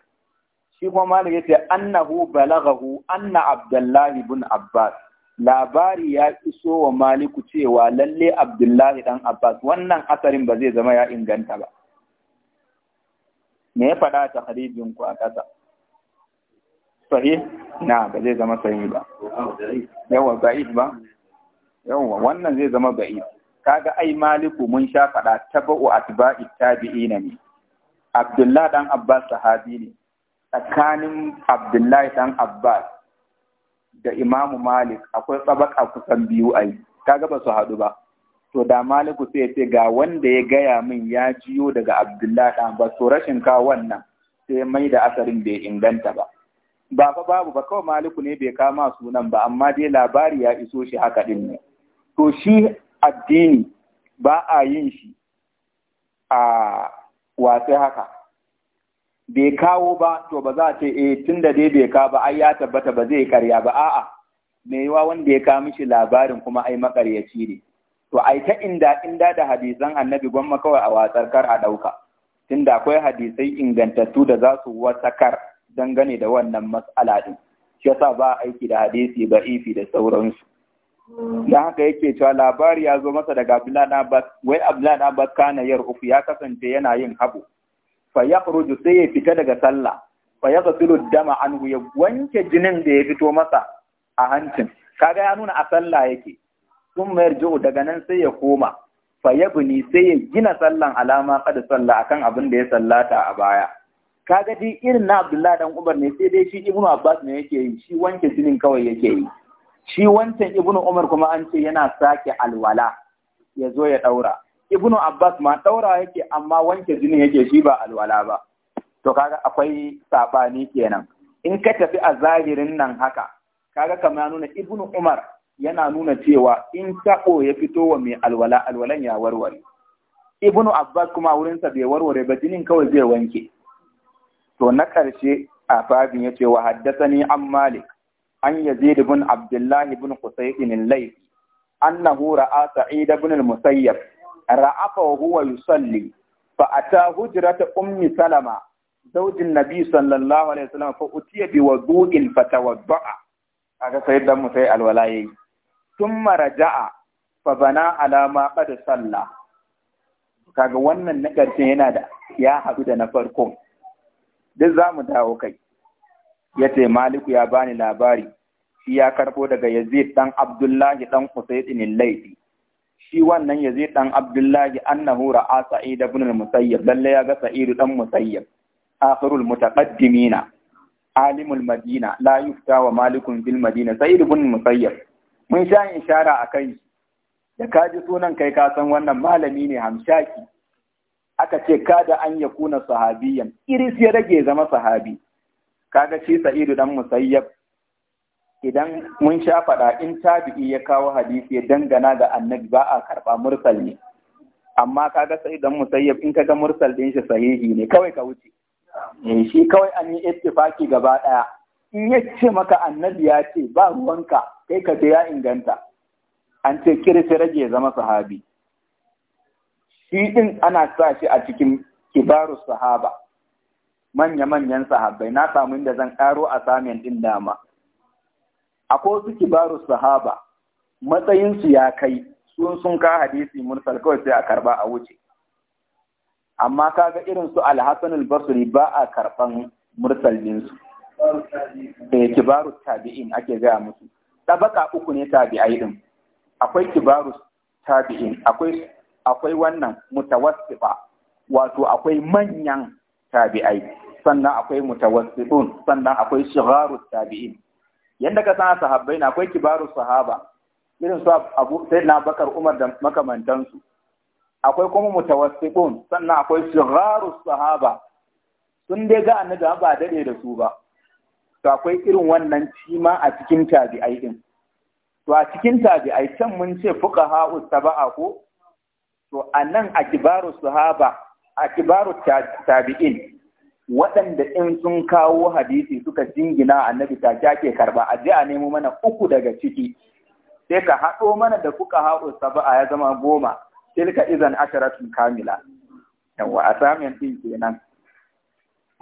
shi kuma malik yace annahu balaghahu anna abdullahi ibn abbas labari ya iso wa maliku cewa lalle abdullahi dan abbas wannan asarin ba zai zama ya inganta ba me ya faɗa ta harijin a ƙasa sahi na ba zai zama sahi ba yawa ba'id ba yawa wannan zai zama Ka kaga ai maliku mun sha faɗa ta atba'i tabi'ina ne abdullahi dan abbas sahabi ne tsakanin abdullahi dan abbas da imamu malik akwai tsabaka kusan biyu ai kaga ba su haɗu ba to da maliku sai ya ce ga wanda ya gaya min ya jiyo daga abdullahi ɗan ba su rashin kawo wannan sai mai da asarin bai inganta ba ba fa babu ba kawai maliku ne bai kama sunan ba amma dai labari ya iso shi haka din ne to shi addini ba a yin shi a wasu haka bai kawo ba to ba za a ce eh tunda dai bai kawo ba ai ya tabbata ba zai karya ba a'a me yawa wanda ya kawo mishi labarin kuma ai makaryaci ne to ai ta inda inda da hadisan annabi gwamma kawai a watsar kar a ɗauka tunda akwai hadisai ingantattu da za su wasakar dangane da wannan mas'ala din shi yasa ba aiki da hadisi ba ifi da sauransu dan haka yake cewa labari ya zo masa daga Abdullahi Abbas wai Abdullahi Abbas kana yar uku ya kasance yana yin habu fa yakhruju sai ya fita daga sallah fa yaghsilu dama anhu ya wanke jinin da ya fito masa a hancin kaga ya nuna a sallah yake sun mayar daga nan sai ya koma fayabni sai ya gina sallan alama kada salla akan abin da ya sallata a baya kaga dai irin na abdullah dan Umar ne sai dai shi Ibnu Abbas ne yake yi shi wanke jinin kawai yake yi shi wancan Ibnu Umar kuma an ce yana sake alwala ya zo ya daura Ibnu Abbas ma daura yake amma wanke jinin yake shi ba alwala ba to kaga akwai sabani kenan in ka tafi a zahirin nan haka kaga kamar nuna Ibnu Umar yana nuna cewa in tabo ya fito wa mai alwala alwalan ya warware ibnu abbas kuma wurinsa bai warware ba jinin kawai zai wanke to na karshe a ya ce wa ni an malik an yazid ibn abdullahi ibn qusayb bin layth annahu ra'a sa'id ibn al-musayyab ra'afa wa huwa yusalli fa ata hujrata ummi salama زوج النبي صلى الله عليه وسلم فأتي بوضوء فتوضأ أكا سيدنا مسيء mara ja'a fa bana alama ma qad kaga wannan na ƙarshe yana da ya haɗu da na farko duk za mu dawo kai ya ce maliku ya bani labari shi ya karɓo daga yazid ɗan abdullahi ɗan usaidin laifi shi wannan yazid ɗan abdullahi annahu ra'a sa'id ibn al Musayyar, lalle ya ga sa'id ɗan musayyab akhirul mutaqaddimina alimul madina la yufta wa malikun fil madina sa'id ibn musayyab mun sha ishara a kai da ka ji sunan kai ka san wannan malami ne hamshaki aka ce kada an ya kuna sahabiyan iris ya rage zama sahabi kaga shi sa'idu dan musayyab idan mun sha faɗa in tabi'i ya kawo hadisi ya dangana ga annabi ba a karɓa mursal ne amma kaga sai dan musayyab in kaga mursal din shi sahihi ne kawai ka wuce eh, shi kawai an yi ittifaki gaba ɗaya? in ya ce maka annabi ya ce ba ruwanka kai ka ce ya inganta an ce kirsi rage zama sahabi shi din ana sa shi a cikin kibarus sahaba manya-manyan sahabbai na samu inda zan karo a samun din dama ko su kibaru sahaba matsayinsu ya kai sun sun ka hadisi mursal kawai sai a karba a wuce amma kaga irin su Alhassanul albasri ba a karban mursal eh kibaru tabi'in ake gaya musu tabaka uku ne tabi'ai din akwai kibaru tabi'in akwai akwai wannan mutawassifa wato akwai manyan tabi'ai sannan akwai mutawassifun sannan akwai shigaru tabi'in yanda ka san sahabbai na akwai kibaru sahaba irin su abu sai na bakar umar da makamantansu akwai kuma mutawassifun sannan akwai shigaru sahaba sun dai ga annabi ba dare da su ba to akwai irin wannan cima a cikin tabi'ai din to a cikin tabi'ai can mun ce fuqaha saba'a ko to anan akibaru sahaba akibaru tabi'in waɗanda in sun kawo hadisi suka jingina annabi ta jake karba a ji a nemo mana uku daga ciki sai ka haɗo mana da kuka haɗo saba'a ya zama goma tilka izan asharatun kamila yawa a samun ɗin kenan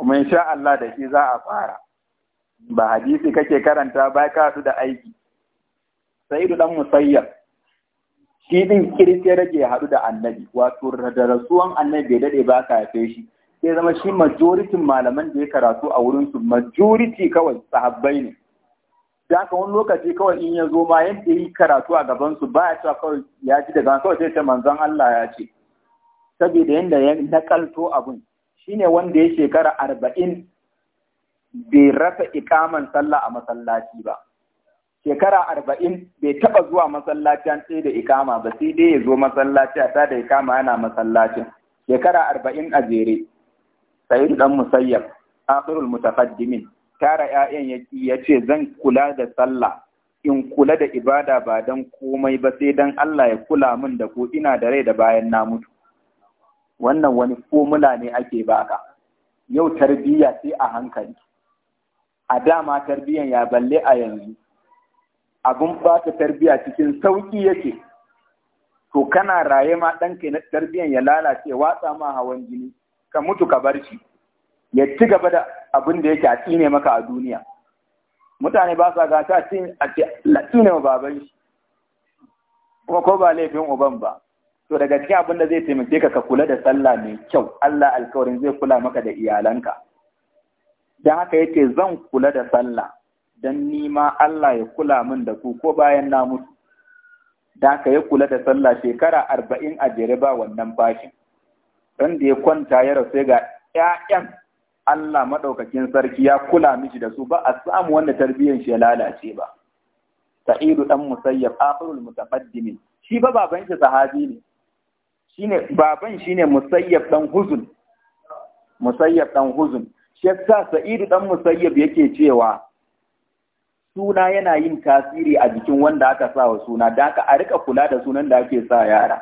kuma insha Allah da shi za a fara ba hadisi kake karanta ba ka su da aiki sa'idu dan musayyab shi din kirce rage ya haɗu da annabi wato da rasuwan annabi bai dade ba ka haife shi sai zama shi majoritin malaman da ya karatu a wurin su majority kawai sahabbai ne da ka wani lokaci kawai in ya zo ma yadda yi karatu a gaban su ba ya cewa ya ji daga kawai sai ce manzon Allah ya ce saboda yadda ya nakalto abun shine wanda ya shekara arba'in bai rasa ikaman sallah a masallaci ba shekara arba'in bai taɓa zuwa masallaci an da ikama ba sai dai ya zo masallaci a da ikama yana masallacin shekara arba'in a jere sayi ɗan musayyar, akhirul mutafaddimin, tara 'ya'yan yaki ya ce zan kula da sallah in kula da ibada ba don komai ba sai don Allah ya kula min da ko ina da rai da bayan na mutu wannan wani formula ne ake baka yau tarbiyya sai a hankali a dama tarbiyan ya balle a yanzu abun ta tarbiya cikin sauƙi yake to kana raye ma ɗanka na tarbiyan ya lalace watsa ma hawan jini ka mutu ka bar shi ya ci gaba da abin da yake a tsine maka a duniya mutane ba sa gata a tsine wa baban shi kuma ko ba laifin uban ba to daga cikin abin da zai taimake ka ka kula da sallah mai kyau Allah alkawarin zai kula maka da iyalanka don haka yace zan kula da sallah don nima Allah ya kula min da ku ko bayan na mutu don haka ya kula da sallah shekara arba'in a jere wannan bashin don da ya kwanta ya rasu ga 'ya'yan Allah maɗaukakin sarki ya kula mishi da su ba a samu wanda tarbiyyar shi ya lalace ba sa'idu dan musayyab akhirul mutaqaddimin shi ba baban shi sahabi ne shine baban shine musayyab dan huzun musayyab dan huzun shi yasa sa'idu dan musayyab yake cewa suna yana yin tasiri a jikin wanda aka sa wa suna da aka a rika kula da sunan da ake sa yara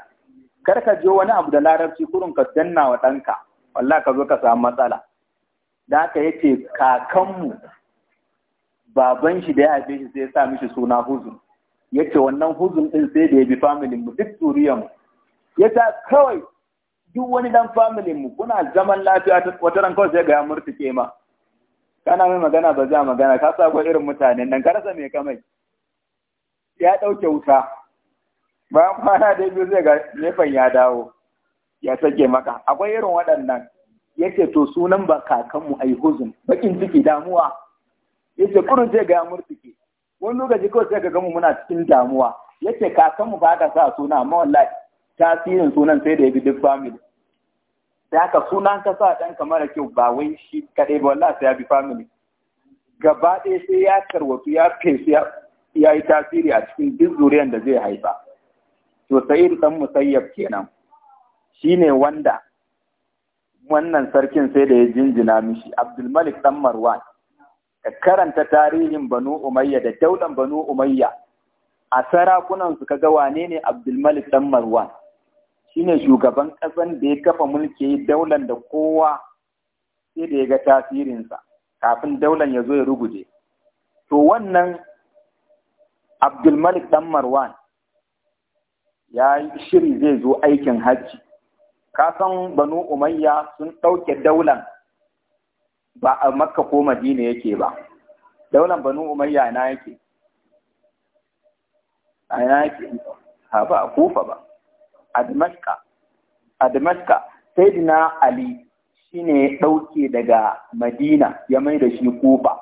kar ka je wani abu da larabci kurun ka danna wa ɗanka walla ka zo ka samu matsala da aka yace kakanmu baban shi da ya haife shi sai ya sa mishi suna huzun yace wannan huzun ɗin sai da ya bi familin mu duk zuriyar mu yace kawai duk wani dan family mu kuna zaman lafiya wata ran kawai sai ga ya murtuke ma kana mai magana ba za magana ka sa irin mutanen nan ka rasa mai kamai ya dauke wuta bayan kwana da biyu zai ga nefan ya dawo ya sake maka akwai irin waɗannan yace to sunan ba kakanmu ai huzun bakin ciki damuwa yace kurun sai ga ya murtuke wani lokaci kawai sai ka gamu muna cikin damuwa yace kakanmu ba ka sa suna amma wallahi tasirin sunan sai da ya bi duk family da haka sunan ka sa ɗan kamar kyau ba wai shi kaɗai ba wallahi sai ya bi family gaba ɗaya sai ya karwatu ya fesu ya yi tasiri a cikin duk zuriyar da zai haifa to sa'id dan musayyab kenan shine wanda wannan sarkin sai da ya jinjina mishi abdulmalik dan marwan ka karanta tarihin banu umayya da Daudan banu umayya a sarakunansu su kaga wane ne abdulmalik dan marwan shine shugaban ƙasan da ya kafa mulki daular da kowa sai da ya ga tasirinsa kafin daular ya zo ya ruguje. To wannan Abdulmalik ɗan Marwan ya yi shiri zai zo aikin hajji. Kasan Banu Umayya sun ɗauke daular ba a Makka ko Madina yake ba. Daular Banu Umayya na yake. A yake, ha ba a kofa ba. a Damascus sai dina Ali shi ne ɗauke daga Madina ya mai da shi Kufa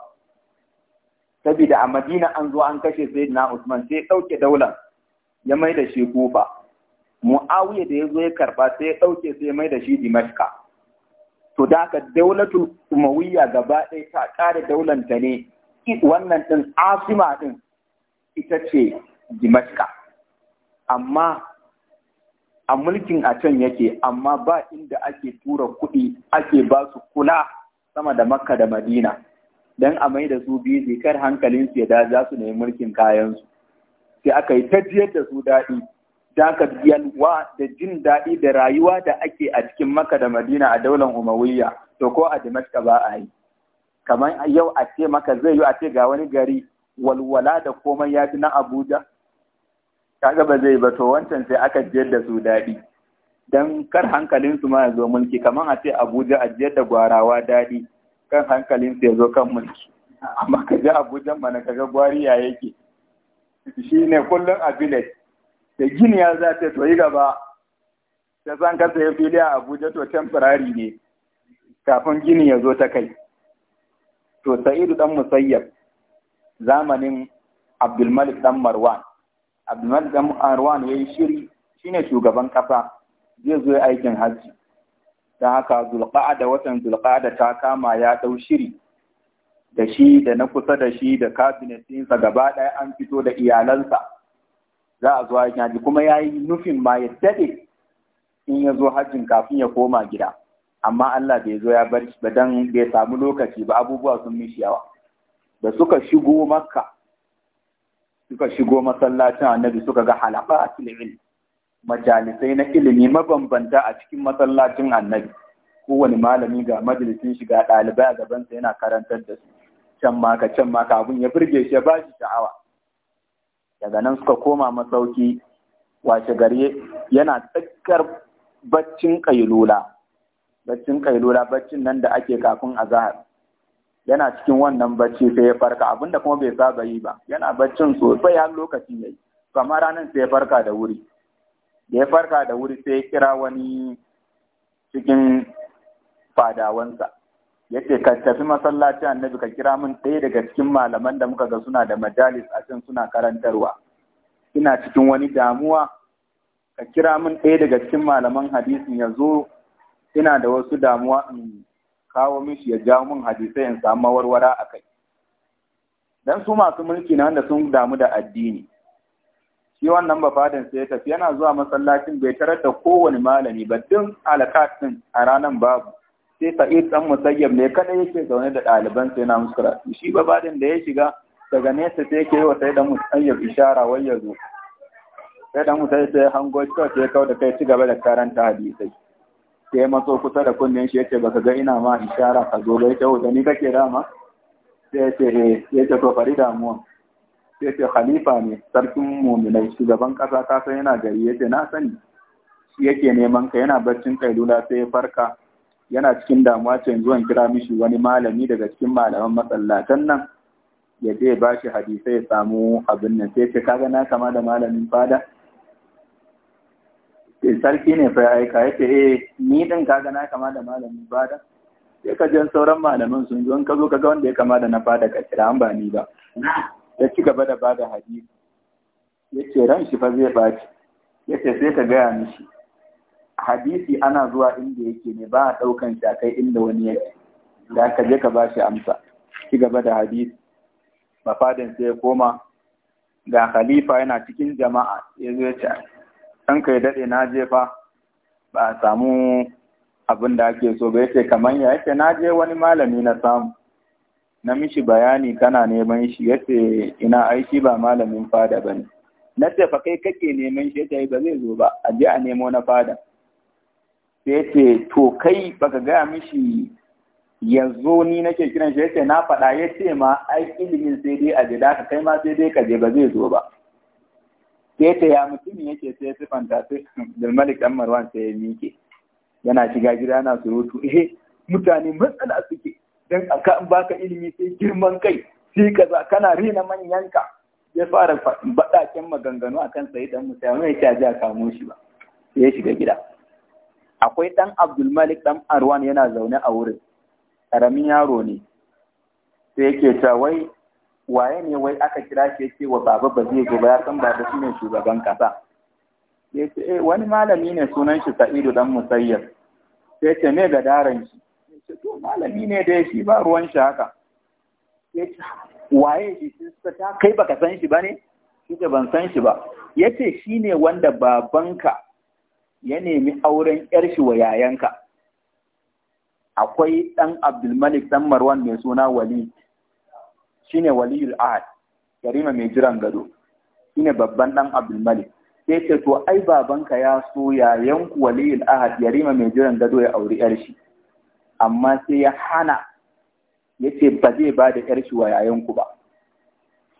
saboda a Madina an zo an kashe dina Usman sai ya ɗauke daular ya mai da shi Kufa Muawiya da ya zo ya karɓa sai ya ɗauke sai ya mai da shi Damascus to da haka daulatul umawiyya gaba ɗaya ta ƙara ta ne wannan ɗin asima ɗin ita ce dimashka amma a mulkin a can yake amma ba inda ake tura kuɗi ake ba su kula sama da makka da madina don a mai da su biyu kar hankalin su da za su nemi mulkin kayansu sai aka yi tajiyar da su daɗi da yalwa da jin daɗi da rayuwa da ake a cikin maka da madina a daular umawiyya to ko a dimashka ba a yi kamar yau a ce maka zai yi a ce ga wani gari walwala da komai ya fi na abuja kaga ba zai ba to wancan sai aka jiyar da su daɗi don kar su ma ya zo mulki kamar a ce abuja a jiyar da gwarawa daɗi kan hankalin su ya zo kan mulki amma ka ji abujan mana gwari gwariya yake shi ne kullum a village da giniya za ta to yi gaba ta san ka ya fili a abuja to temporary ne kafin gini ya zo ta kai to sa'idu dan musayyab zamanin abdulmalik dan marwan abdulmalik arwan ya yi shiri shine shugaban ƙasa zai zo aikin hajji Ta haka da watan da ta kama ya dau shiri da shi da na kusa da shi da cabinet ɗinsa gaba ɗaya an fito da iyalansa za a zo aikin hajji kuma ya yi nufin ma ya daɗe in ya zo hajjin kafin ya koma gida amma Allah bai zo ya bar shi ba don bai samu lokaci ba abubuwa sun mishi yawa da suka shigo makka suka shigo masallacin annabi suka ga halaba ilmi majalisai na ilimi mabambanta a cikin masallacin annabi kowane malami ga majalisin shiga ɗalibai a gabansa yana karantar da su can maka can maka abun ya burge shi ya ba shi sha'awa daga nan suka koma masauki washe gare yana tsakkar baccin kailula baccin kailula baccin nan da ake kafin a zahar. yana cikin wannan bacci sai ya farka abinda kuma bai saba yi ba yana baccin sosai har lokacin yayi kamar ranar sai ya farka da wuri da ya farka da wuri sai ya kira wani cikin fadawansa ya ce ka tafi masallaci annabi ka kira min ɗaya daga cikin malaman da muka ga suna da majalis a can suna karantarwa ina cikin wani damuwa ka kira min ɗaya daga cikin malaman hadisin ya zo ina da wasu damuwa kawo mishi ya ja mun hadisai in samu warwara a kai dan su masu mulki na wanda sun damu da addini shi wannan ba bafadan sai ya tafi yana zuwa masallacin bai tarar da kowane malami ba din alakat a ranar babu sai sa'id dan musayyab ne kada yake zaune da ɗaliban sai na muskura shi bafadan da ya shiga daga nesa sai yake yi wa sai dan musayyab ishara wai ya zo sai dan musayyab sai hango kawai sai kawai da kai ci gaba da karanta hadisai sai maso kusa da kunnen shi yace baka ga ina ma ishara ka zo bai tawo da ni kake dama sai yace eh yace to fari damuwa sai yace khalifa ne sarkin mu'minai shugaban kasa ka san yana gari yace na sani shi yake neman ka yana barcin kailula sai ya farka yana cikin damuwa ce zuwan kira mishi wani malami daga cikin malaman matsalatan nan ya je ba shi hadisai ya samu abin nan sai ce kaga na kama da malamin fada Eh, sarki ne fa aika ya ce eh ni din kaga na kama da malamin bada sai ka jan sauran malaman sun zo in ka zo ka ga wanda ya kama da na bada ka kira an ba ni ba ya ci gaba da bada hadisi ya ce ran shi fa zai baci ya ce sai ka gaya mishi hadisi ana zuwa inda yake ne ba a ɗaukan shi a kai inda wani yake da ka je ka ba shi amsa ci gaba da hadisi mafadin sai ya koma ga khalifa yana cikin jama'a ya zo ya ce ka ya daɗe na je fa ba a samu abin da ake so ba yace kamar ya yace na je wani malami na samu na mishi bayani kana neman shi yace ina aiki ba malamin fada ba ne na ce fa kai kake neman shi yace ba zai zo ba a je a nemo na fada sai yace to kai baka gaya mishi yanzu ni nake kiran shi yace na faɗa yace ma ai ilimin sai dai a je da kai ma sai dai ka je ba zai zo ba ya mutum ya mutumin yake sai ya sifanta sai Malik, dan marwan sai ya miƙe. yana shiga gida na surutu eh mutane matsala suke dan aka an baka ilimi sai girman kai sai kaza kana rina ka. ya fara baɗaƙen maganganu akan sai dan musayi ya ce a kamo shi ba sai ya shiga gida akwai dan abdulmalik ɗan arwan yana zaune a wurin karamin yaro ne sai yake ta wai waye ne wai aka kira shi yake wa baba ba zai zo ba ya san baba shine shugaban kasa ya ce eh wani malami ne sunan shi Sa'idu dan musayyar sai ce me ga daren shi ya ce to malami ne da shi ba ruwan shi haka ya ce waye shi ta kai baka san shi ba ne shi ce ban san shi ba ya ce shi ne wanda babanka ya nemi auren yar shi wa yayanka akwai dan Abdulmalik dan Marwan mai suna Wali shine waliyul ahad yarima mai jiran gado shine babban ɗan abdul malik sai ce to ai babanka ya so ya yanku waliyul ahad yarima mai jiran gado ya auri yar shi amma sai ya hana yace ba zai ba da yar shi wa yayanku ba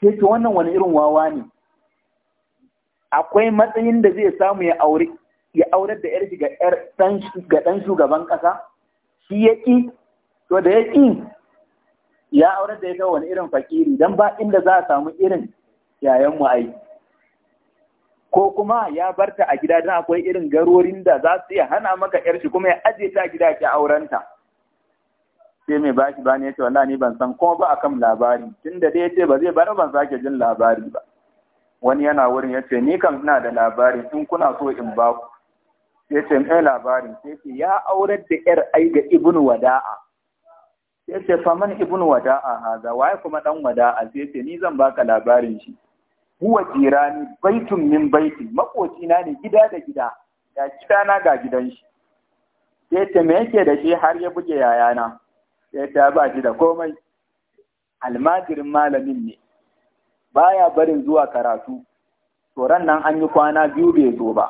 sai to wannan wani irin wawa ne akwai matsayin da zai samu ya aure ya aurar da yar shi ga yar shugaban ƙasa? shi ya to da ya ya aurar da ita wani irin fakiri dan ba inda za a samu irin yayan mu ai ko kuma ya barta a gida dan akwai irin garorin da za su iya hana maka yar kuma ya aje ta gida ki aurenta sai mai bashi bani ya ce wallahi ni ban san kuma ba akan labari tunda dai yace ba zai bar ban sake jin labari ba wani yana wurin yace ni kam ina da labari in kuna so in ba ku yace mai eh, labarin sai ya aurar da yar ai ga ibnu wada'a ya ce faman ibn wada'a haza waye kuma dan wada'a sai ce ni zan baka labarin shi huwa jirani baitun min baiti makocina ne gida da gida ga na ga gidan shi sai ce me yake da shi har ya buge yayana sai ta ba shi da komai almajirin malamin ne baya barin zuwa karatu tsoron nan an yi kwana biyu bai zo ba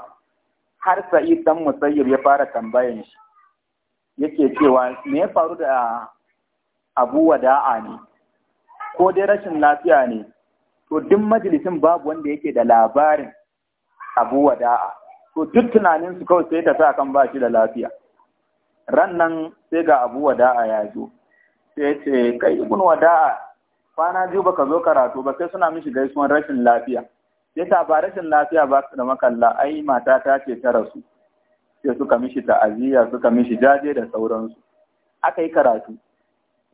har sa'id dan musayyib ya fara tambayan shi yake cewa me ya faru da abu wada'a ne ko dai rashin lafiya ne to duk majalisin babu wanda yake da labarin abu wada'a to duk tunanin su kawai sai ta sa kan ba shi da lafiya ran nan sai ga abu wada'a ya zo sai ce kai ibn wada'a kwana biyu baka zo karatu ba sai suna mishi gaisuwan rashin lafiya sai ta ba rashin lafiya ba su da makalla ai mata ta ce ta rasu sai suka mishi ta'aziyya suka mishi jaje da sauransu aka yi karatu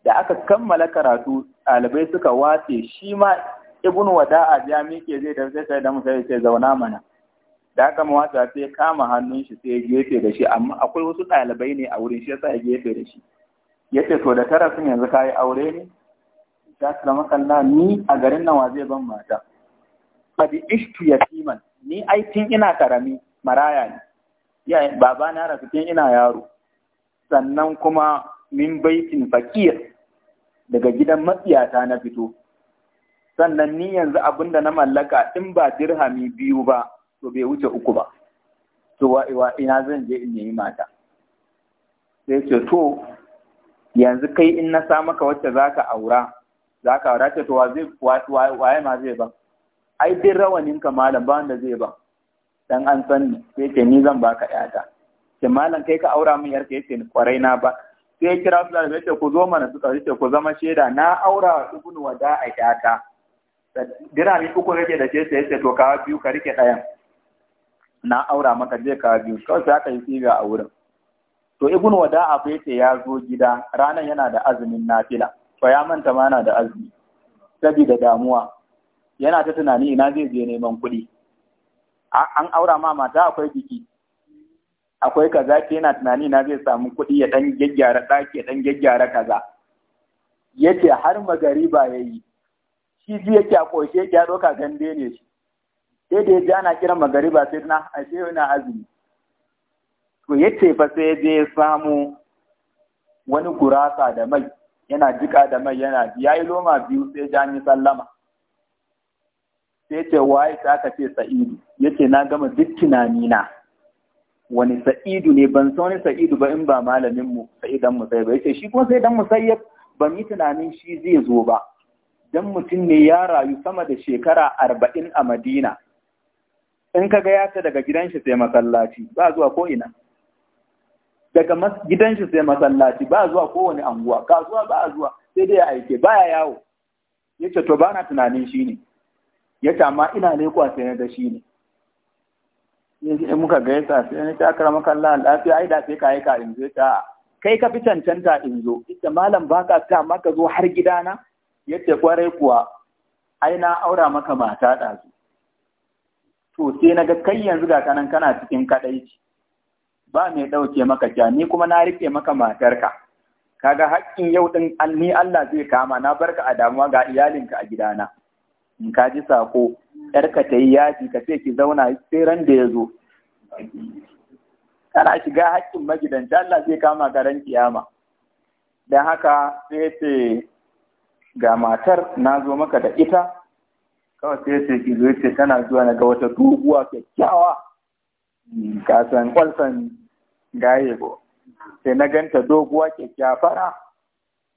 da aka kammala karatu ɗalibai suka wace shi ma ibnu a ya miƙe zai da sai sai da musa sai zauna mana da aka mawasa sai kama hannun shi sai gefe da shi amma akwai wasu ɗalibai ne a wurin shi yasa ya gefe da shi yace to da tara sun yanzu kayi aure ne su zama kalla ni a garin nan wa zai ban mata qad ishtu yatiman ni aikin ina karami maraya ne ya baba na rasu tun ina yaro sannan kuma min baitin fakir daga gidan matsiyata na fito sannan ni yanzu abin da na mallaka in ba dirhami biyu ba to bai wuce uku ba to wa ina zan je in yi mata sai ce to yanzu kai in na sa maka wacce za ka aura za ka aura ce to wa zai waye ma zai ban ai din rawanin ka malam ba wanda zai ban dan an san ni sai ce ni zan baka ta. ce malam kai ka aura min yarka yake ni kwarai na ba sai ya kira su da ko ku zo mana suka yace ku zama shaida na aura ibnu wada a yata ne uku rage da ce sai yace to ka biyu ka rike ɗayan na aura maka zai ka biyu kawai sai aka yi tsiga a wurin to ibnu wada a fa yace ya zo gida ranar yana da azumin nafila to ya manta ma yana da azumi sabida damuwa yana ta tunani ina zai je neman kuɗi an aura ma mata akwai biki akwai kaza ke yana tunani na zai samu kuɗi ya ɗan gyaggyara ɗaki ya ɗan gyaggyara kaza yace har magariba ya yi shi ji yake a ƙoshe ya ɗauka gande ne shi sai da ya ji ana kiran magariba sai na ashe yana azumi to ya ce fa sai je samu wani gurasa da mai yana jika da mai yana ya yi loma biyu sai ja ni sallama sai ce ya ce aka ce sa'idu yace na gama duk tunanina wani sa'idu ne ban san wani sa'idu ba in ba malamin mu sa'idan ba yace shi kuma sai dan musayyab ba yi tunanin shi zai zo ba dan mutum ne ya rayu sama da shekara arba'in a madina in ka ya ta daga gidan shi sai masallaci ba zuwa ko ina daga gidan shi sai masallaci ba zuwa kowane anguwa kasuwa ba zuwa sai dai ya aike baya yawo yace to bana tunanin shi ne yace amma ina leƙwa sai na da shi ne in muka gaisa sai ne ta karama lafiya ai da sai ka ka in ta kai ka fi cancanta in zo ita malam baka ta maka zo har gidana yace kwarai kuwa ai na aura maka mata ɗazu to sai na ga kai yanzu ga kanan kana cikin kadaici ba mai ɗauke maka ja ni kuma na rike maka matarka kaga haƙƙin yau ɗin ni Allah zai kama na barka a damuwa ga iyalinka a gidana in ka ji sako yarka ta yi yaji ka ce ki zauna sai ran da ya zo kana shiga haƙƙin magidanci Allah zai kama ka ran kiyama don haka sai ce ga matar na zo maka da ita kawai sai ce ki zo ce tana zuwa na ga wata doguwa kyakkyawa kasan kwalsan gaye ko sai na ganta doguwa kyakkyawa fara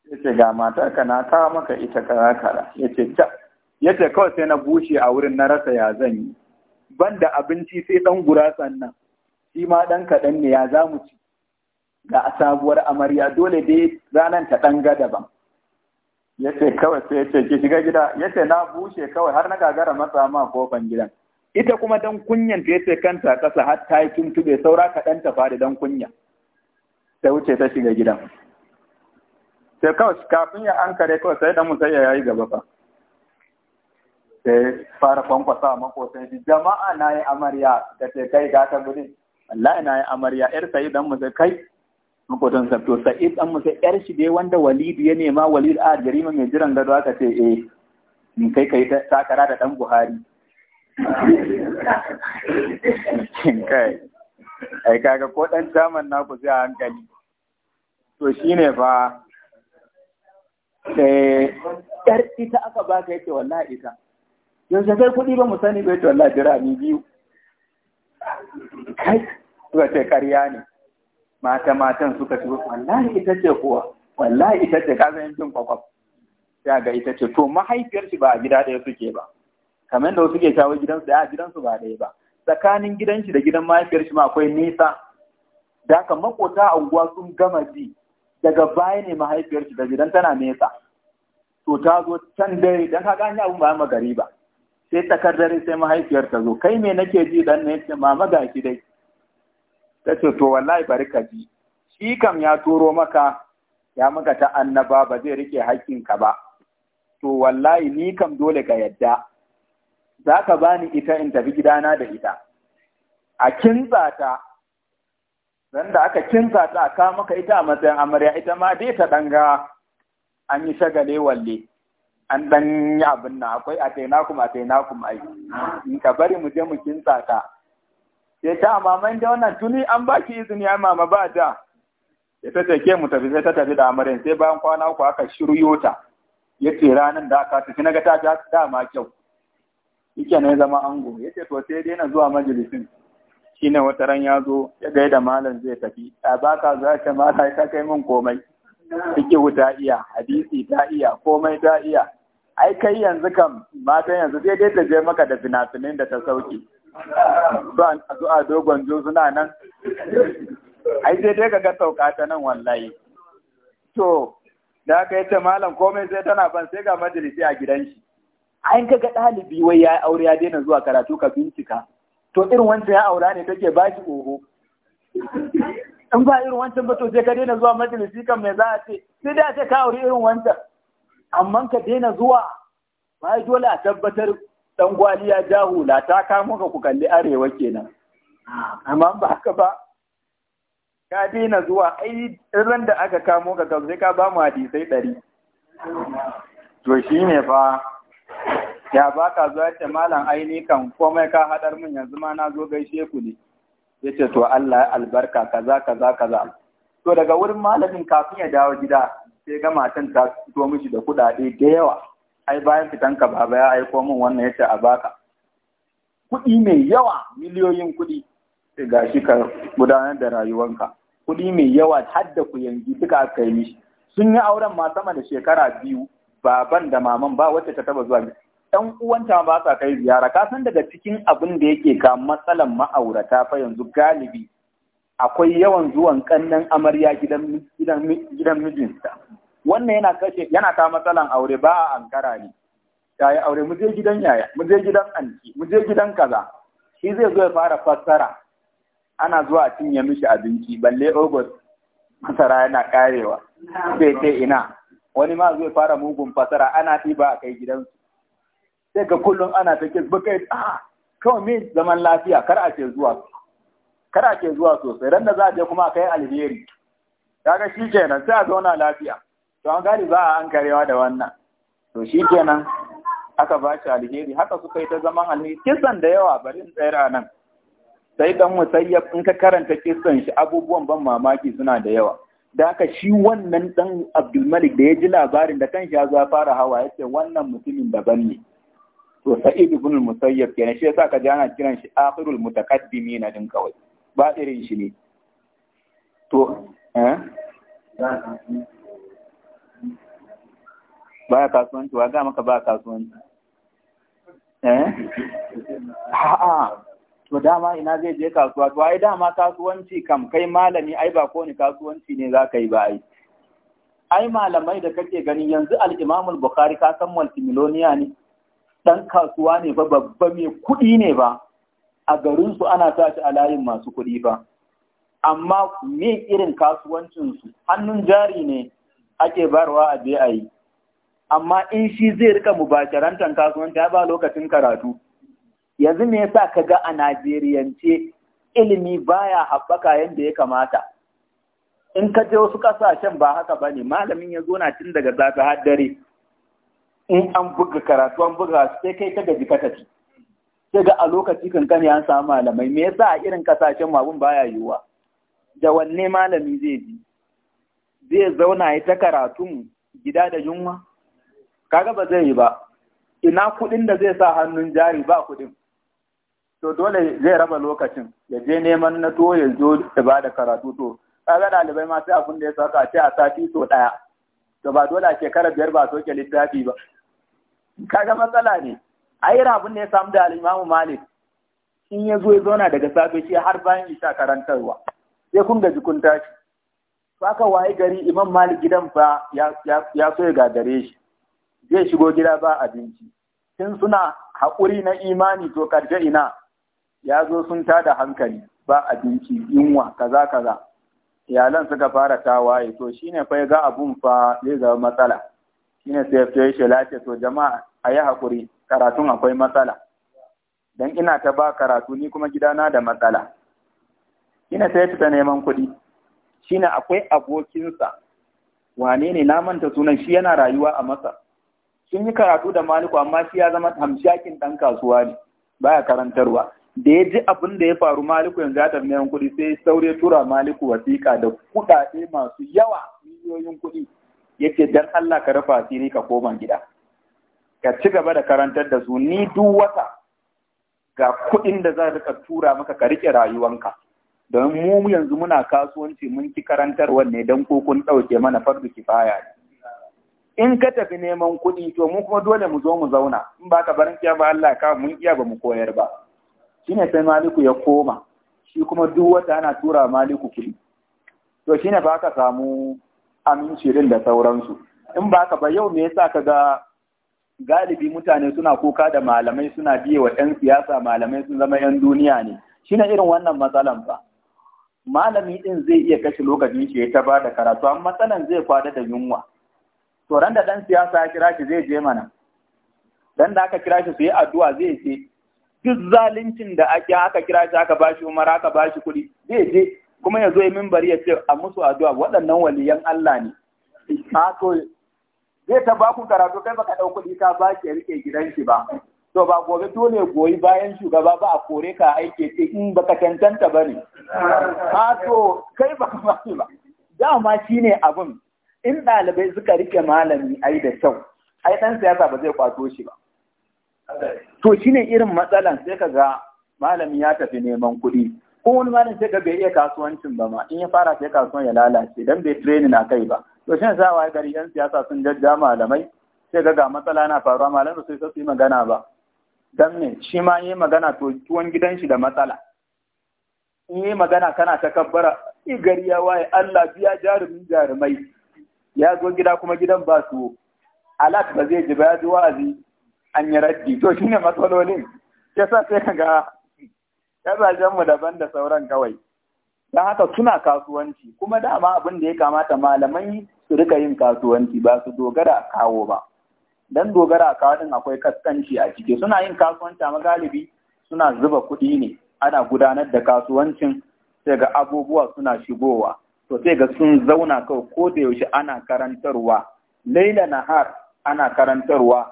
ya ce ga matar ka na kawo maka ita kaza kaza ya ce ya ce kawai sai na bushe a wurin na rasa ya zan yi ban da abinci sai ɗan gura nan shi ma ɗan kaɗan ne ya za mu ci ga sabuwar amarya dole dai ranar ta ɗan gada ba ya ce kawai sai ya ce ki shiga gida ya ce na bushe kawai har na gagara matsa ma kofan gidan ita kuma dan kunyan ta yace kanta ƙasa har ta yi tuntuɓe saura kaɗan ta fara dan kunya ta wuce ta shiga gidan sai kawai kafin ya ankare kawai sai dan musayya ya yi gaba fa da ya fara kwankwasa makosan shi jama'a na yi amarya da ce kai ga ta gudun wallahi na yi amarya yar sa'id dan musa kai makotan sa to sa'id dan musa yar shi dai wanda walidu ya nema Walidu a jarima mai jiran gado aka ce eh in kai kai takara da dan buhari kai ai kaga ko dan jaman naku sai a hankali to shine fa eh yar ita aka baka yake wallahi ita yanzu kai kuɗi ba mu sani bai to Allah jira ni biyu kai suka ce ƙarya ne mata matan suka ce wallahi ita ce kuwa wallahi ita ce ka yin jin kwakwaf ya ga ita ce to mahaifiyar shi ba a gida ɗaya suke ba kamar da suke shawo gidansu ɗaya gidansu ba ɗaya ba tsakanin gidan shi da gidan mahaifiyar shi ma akwai nisa da haka makota a unguwa sun gama ji daga baya ne mahaifiyar shi da gidan tana nesa to ta zo can dare dan an yi abun ba gari ba sai tsakar dare sai mahaifiyar ta zo kai me nake ji dan ne ce mama ga ki dai ta ce to wallahi bari ka ji shi kam ya turo maka ya maka ta annaba ba zai rike hakkinka ba to wallahi ni kam dole ka yadda za ka bani ita in tafi gidana da ita a kinsa ta dan da aka kinsa ta ka maka ita a matsayin amarya ita ma dai ta danga an yi shagale walle an dan yi abin nan akwai atainakum atainakum ai in ka bari mu je mu kinsa ka ya ta mai da wannan tuni an baki izini ai mama ba da ya ta take mu tafi sai ta tafi da amarin sai bayan kwana uku aka shiryo ta ya ce ranar da aka tafi na ga ta ta dama kyau yake ne zama ango ya ce to sai daina zuwa majalisin shine wata ran ya zo ya gaida malam zai tafi a baka za ta mala ta kai min komai Ike wuta iya hadisi ta iya komai ta iya ai kai yanzu kam matan yanzu sai dai ta je maka da finafinan da ta sauki. su a dogon jo suna nan ai sai dai ka ga sauka ta nan wallahi to da aka yace malam komai sai tana ban sai ga majalisi a gidan shi ai ka ga ɗalibi wai ya aure ya daina zuwa karatu ka bincika to irin wancan ya aura ne take ba shi oho in ba irin wancan ba to sai ka daina zuwa majalisi kan me za a ce sai dai a ce ka aure irin wancan amma ka daina zuwa ma dole a tabbatar dan gwaliya jahula ta kamo ka ku kalli arewa kenan amma ba haka ba ka daina zuwa ai irin da aka kamo ka kam ka ba mu hadisai ɗari to shi ne fa ya ba ka zuwa ce malam aini kan komai ka haɗar min yanzu ma na zo gaishe ku ne ya to Allah albarka kaza kaza kaza to daga wurin malamin kafin ya dawo gida sai ga matan ta fito mishi da kuɗaɗe da yawa ai bayan fitanka baba ya aiko min wannan yace a baka kuɗi mai yawa miliyoyin kuɗi sai ga ka gudanar da rayuwanka kuɗi mai yawa har da ku yanzu duka aka yi mishi sun yi auren ma sama da shekara biyu baban da maman ba wacce ta taba zuwa ɗan uwanta ba sa kai ziyara ka san daga cikin abin da yake ka matsalan ma'aurata fa yanzu galibi akwai yawan zuwan kannan amarya gidan mijinsa. mijinta wannan yana kashe yana ta matsalan aure ba a ankara ne yayi aure mu je gidan yaya mu je gidan anki mu je gidan kaza shi zai zo ya fara fassara ana zuwa a cinye mishi abinci balle august masara yana karewa sai ce ina wani ma zai fara mugun fassara ana ɗiba a kai gidansu sai ga kullum ana ta kisbi kai a ah, kawai me zaman lafiya kar a ce zuwa kada ke zuwa sosai ran da za a je kuma kai alheri kaga shi kenan sai a zauna lafiya to an gari ba a an da wannan to shi kenan aka ba shi alheri haka suka yi ta zaman alheri kisan da yawa bari in tsaya nan sai dan musayyab in ka karanta kisan shi abubuwan ban mamaki suna da yawa da haka shi wannan dan Abdulmalik da ya ji labarin da kan ya zo fara hawa ya ce wannan mutumin daban ne to Sa'id ibn musayyab kenan shi yasa ka ji ana kiran shi akhirul mutaqaddimin din kawai ba irin shi ne to eh ya kasuwanci wa ga maka ba kasuwanci eh to dama ina zai je kasuwa to ai dama kasuwanci kam kai malami ai ba ko ni kasuwanci ne za ka yi ba ai ai malamai da kake gani yanzu al-Imam bukhari ka san multimillionaire ne Ɗan kasuwa ne ba babba mai kuɗi ne ba a garinsu ana sa shi a layin masu kuɗi ba amma me irin kasuwancinsu hannun jari ne ake barwa a je a yi amma in shi zai rika mubasharantar kasuwanci ya ba lokacin karatu yanzu me yasa ka ga a Najeriyance ilimi baya haɓaka yadda ya kamata in ka je wasu ƙasashen ba haka ba ne malamin ya na tun daga zafi har dare in an buga karatu an buga sai kai ta gaji ka sai ga a lokaci kankan ya samu malamai me yasa a irin kasashen abun baya yiwuwa da wanne malami zai bi zai zauna ya ta karatun gida da yunwa kaga ba zai yi ba ina kuɗin da zai sa hannun jari ba kuɗin to dole zai raba lokacin ya je neman na to ya zo da ba da karatu to kaga ɗalibai ma sai abin da ya saka a ce a sati to daya to ba dole a shekara biyar ba soke littafi ba kaga matsala ne ai abin da ya samu da alimamu Malik in ya zo ya zauna daga safe shi har bayan isha karantarwa sai kun gaji kun tashi to aka waye gari Imam Malik gidan fa ya so ya gagare shi zai shigo gida ba abinci tun suna haƙuri na imani to karshe ina ya zo sun da hankali ba abinci yunwa kaza kaza iyalan suka fara tawaye to shine fa ya ga abun fa zai zama matsala shine sai ya fito ya to jama'a a yi haƙuri karatun akwai matsala don ina ta ba karatu ni kuma gidana da matsala ina ta yi fita neman kuɗi ne akwai abokinsa wane ne na manta sunan shi yana rayuwa a masa sun yi karatu da maliku amma shi ya zama hamshakin ɗan kasuwa ne baya karantarwa da ya ji abin da ya faru maliku yanzu ya neman kuɗi sai saurin tura maliku wasiƙa da kuɗaɗe masu yawa miliyoyin kuɗi yace dan Allah ka rufa asiri ka koma gida ka ci gaba da karantar da su ni duk wata ga kuɗin da za ka tura maka ka riƙe rayuwanka don mu yanzu muna kasuwanci mun ki karantar wanne don ko kun ɗauke mana fardu kifaya ne in ka tafi neman kuɗi to mu kuma dole mu zo mu zauna in ba ka barin kiya ba Allah ka mun iya ba mu koyar ba shine sai maliku ya koma shi kuma duk wata ana tura maliku kuɗi to shine ba ka samu aminci da sauransu in ba ka ba yau me yasa ka ga galibi mutane suna kuka da malamai suna biye wa 'yan siyasa malamai sun zama 'yan duniya ne shi na irin wannan matsalan ba malami din zai iya kashe lokacin shi ya ta ba da karatu amma matsalan zai kwada da yunwa to ran da dan siyasa ya kira shi zai je mana dan da aka kira shi su yi addu'a zai ce duk zaluncin da ake aka kira shi aka bashi umar aka bashi kuɗi zai je kuma ya zo ya mimbari ya ce a musu addu'a waɗannan waliyan Allah ne a zai ta baku karatu kai baka ɗau kuɗi ka ba ki rike gidanki ba to ba gobe dole goyi bayan shugaba ba a kore ka aike ce in baka cancanta ba ne ha to kai baka ba ba dama shine abin in ɗalibai suka rike malami ai da kyau ai ɗan siyasa ba zai kwato shi ba to shine irin matsalan sai ka ga malami ya tafi neman kuɗi ko wani malami sai ka bai iya kasuwancin ba ma in ya fara sai kasuwan ya lalace dan bai training a kai ba to shin sa wa gari yan siyasa sun jajja malamai sai ga matsala na faruwa malamai sai su yi magana ba dan ne shi ma yi magana to tuwon gidan shi da matsala in yi magana kana ta kabbara i gari ya waye Allah biya jarumin jarumai ya zo gida kuma gidan ba su alat ba zai ji ba ya ji wa'azi an yi raddi to shi ne matsalolin ya sa sai ga kasashen mu daban da sauran kawai don haka suna kasuwanci kuma dama abin da ya kamata malamai su rika yin kasuwanci ba su dogara a kawo ba dan dogara a kawo din akwai kaskanci a ciki suna yin kasuwanci amma galibi suna zuba kuɗi ne ana gudanar da kasuwancin sai ga abubuwa suna shigowa to sai ga sun zauna kawai ko da yaushe ana karantarwa laila har ana karantarwa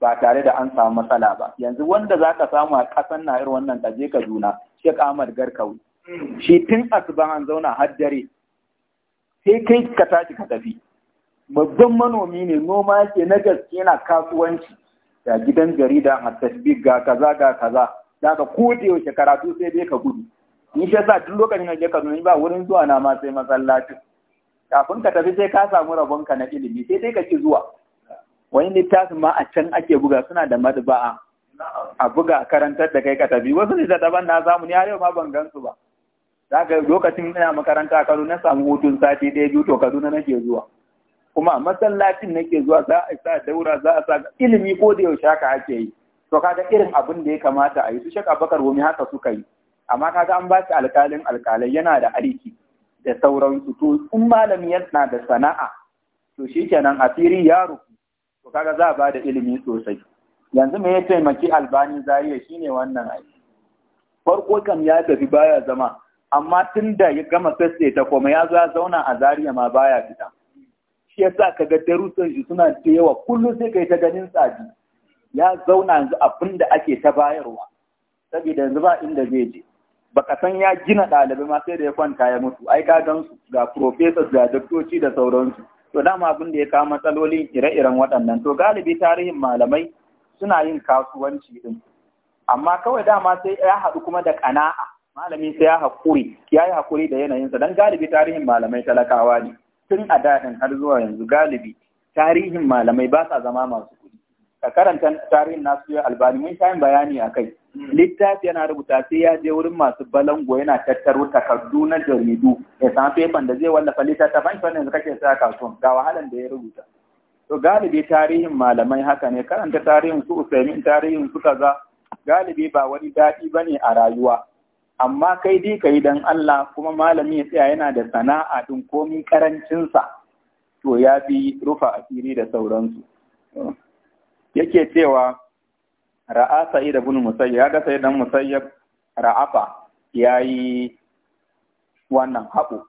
ba tare da an samu matsala ba yanzu wanda za ka samu a ƙasan na irin wannan ka juna, Sheikh ahmad garkawi shi tun asuban an zauna har dare sai kai ka tashi ka tafi babban manomi ne noma yake na gaske yana kasuwanci Da gidan jarida a tasbih ga kaza ga kaza Da ko da yaushe karatu sai dai ka gudu ni shi yasa duk lokacin da je ka ni ba wurin zuwa na ma sai masallacin kafin ka tafi sai ka samu rabon ka na ilimi sai dai ka ki zuwa wani littafin ma a can ake buga suna da maduba'a a buga karantar da kai ka tafi wasu littattafan na samu ni har yau ma ban gansu ba yi lokacin ina makaranta a Kano na samu hutun sati ɗaya biyu to Kaduna nake zuwa. Kuma a masallacin nake zuwa za a sa daura za a sa ilimi ko da yaushe haka ake yi. To kaga irin abin da ya kamata a yi su shaka bakar Rumi haka suka yi. Amma kaga an ba shi alkalin alkalai yana da aiki da sauransu to in malami yana da sana'a to a asiri ya rufu to kaga za a ba da ilimi sosai. yanzu me ya taimaki albani zariya shine wannan aiki farko kam ya tafi baya zama amma tun da ya gama sassai ta kuma ya zo ya zauna a zariya ma baya gida. shi ya sa ka ga darussan shi suna da yawa kullum sai kai ta ganin tsadi ya zauna yanzu abin da ake ta bayarwa saboda yanzu ba inda zai je baka san ya gina ɗalibai ma sai da ya kwanta ya mutu ai ka gan su ga professors ga doktoci da sauransu to dama abin da ya kawo matsalolin ire-iren waɗannan to galibi tarihin malamai suna yin kasuwanci din amma kawai dama sai ya haɗu kuma da ƙana'a malami sai ya haƙuri ya yi haƙuri da yanayinsa don galibi tarihin malamai talakawa ne tun a daɗin har zuwa yanzu galibi tarihin malamai ba sa zama masu kuɗi ka karanta tarihin nasu ya albani mun sha bayani a kai hmm. littafi yana rubuta sai ya je wurin masu balango yana tattaro takardu na jaridu ya san fefan da zai wallafa littattafan shi yanzu kake sa kasuwan ga wahalan da ya rubuta to galibi tarihin malamai haka ne karanta tarihin su usaimin tarihin su kaza galibi ba wani daɗi bane a rayuwa amma kai dai ka yi don Allah kuma malami ya tsaya yana da sana'a din komi karancinsa to ya bi rufa asiri da sauransu yake cewa ra'a sa'id ibn musayyab ya ga sa'id ibn musayyab ra'afa yayi wannan haɓo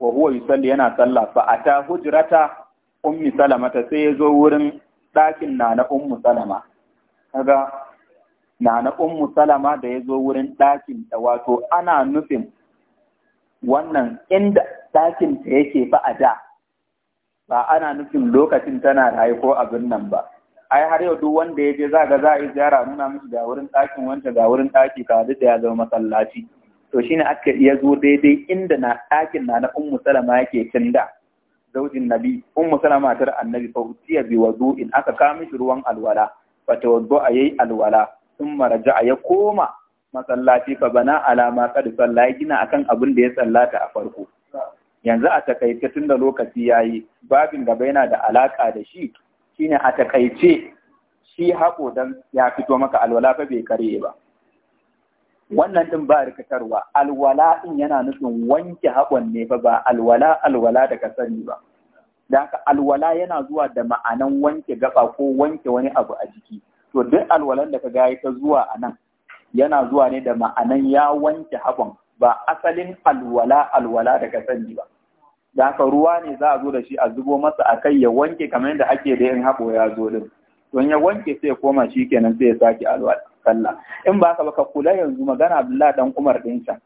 wa huwa yusalli yana sallah fa ata hujrata ummi salama ta sai ya zo wurin ɗakin na na ummu salama kaga na na ummu salama da ya zo wurin ɗakin ta wato ana nufin wannan inda ɗakin ta yake fa a da ba ana nufin lokacin tana rayu ko abin nan ba ai har yau duk wanda ya je za ga za a yi ziyara nuna musu ga wurin ɗakin wanda ga wurin ɗaki ka da ya zama masallaci to shine aka iya zo daidai inda na ɗakin na na ummu salama yake da zaujin nabi ummu salama tar annabi fa utiya bi in aka kawo mishi ruwan alwala fa tawaddu yayi alwala sun maraja ya koma masallaci fa bana alama kada tsalla ya gina a kan abin da ya sallata a farko yanzu a takaice tun da lokaci ya yi, babin gaba yana da alaka da shi shine a takaice shi haƙo dan ya fito maka alwala fa bai kare ba wannan din ba rikitarwa alwala din yana nufin wanke haƙon ne fa ba alwala alwala da ka sani ba da haka alwala yana zuwa da ma'anan wanke gaba ko wanke wani abu a jiki to duk alwalan da ka ta zuwa a nan yana zuwa ne da ma'anan ya wanke haƙon ba asalin alwala alwala daga ka sani ba da haka ruwa ne za a zo da shi a zubo masa a kai ya wanke kamar yadda ake da yin haƙo ya zo din don ya wanke sai koma shi kenan sai ya sake alwala sallah in ba ka baka kula yanzu magana abdullahi dan umar din can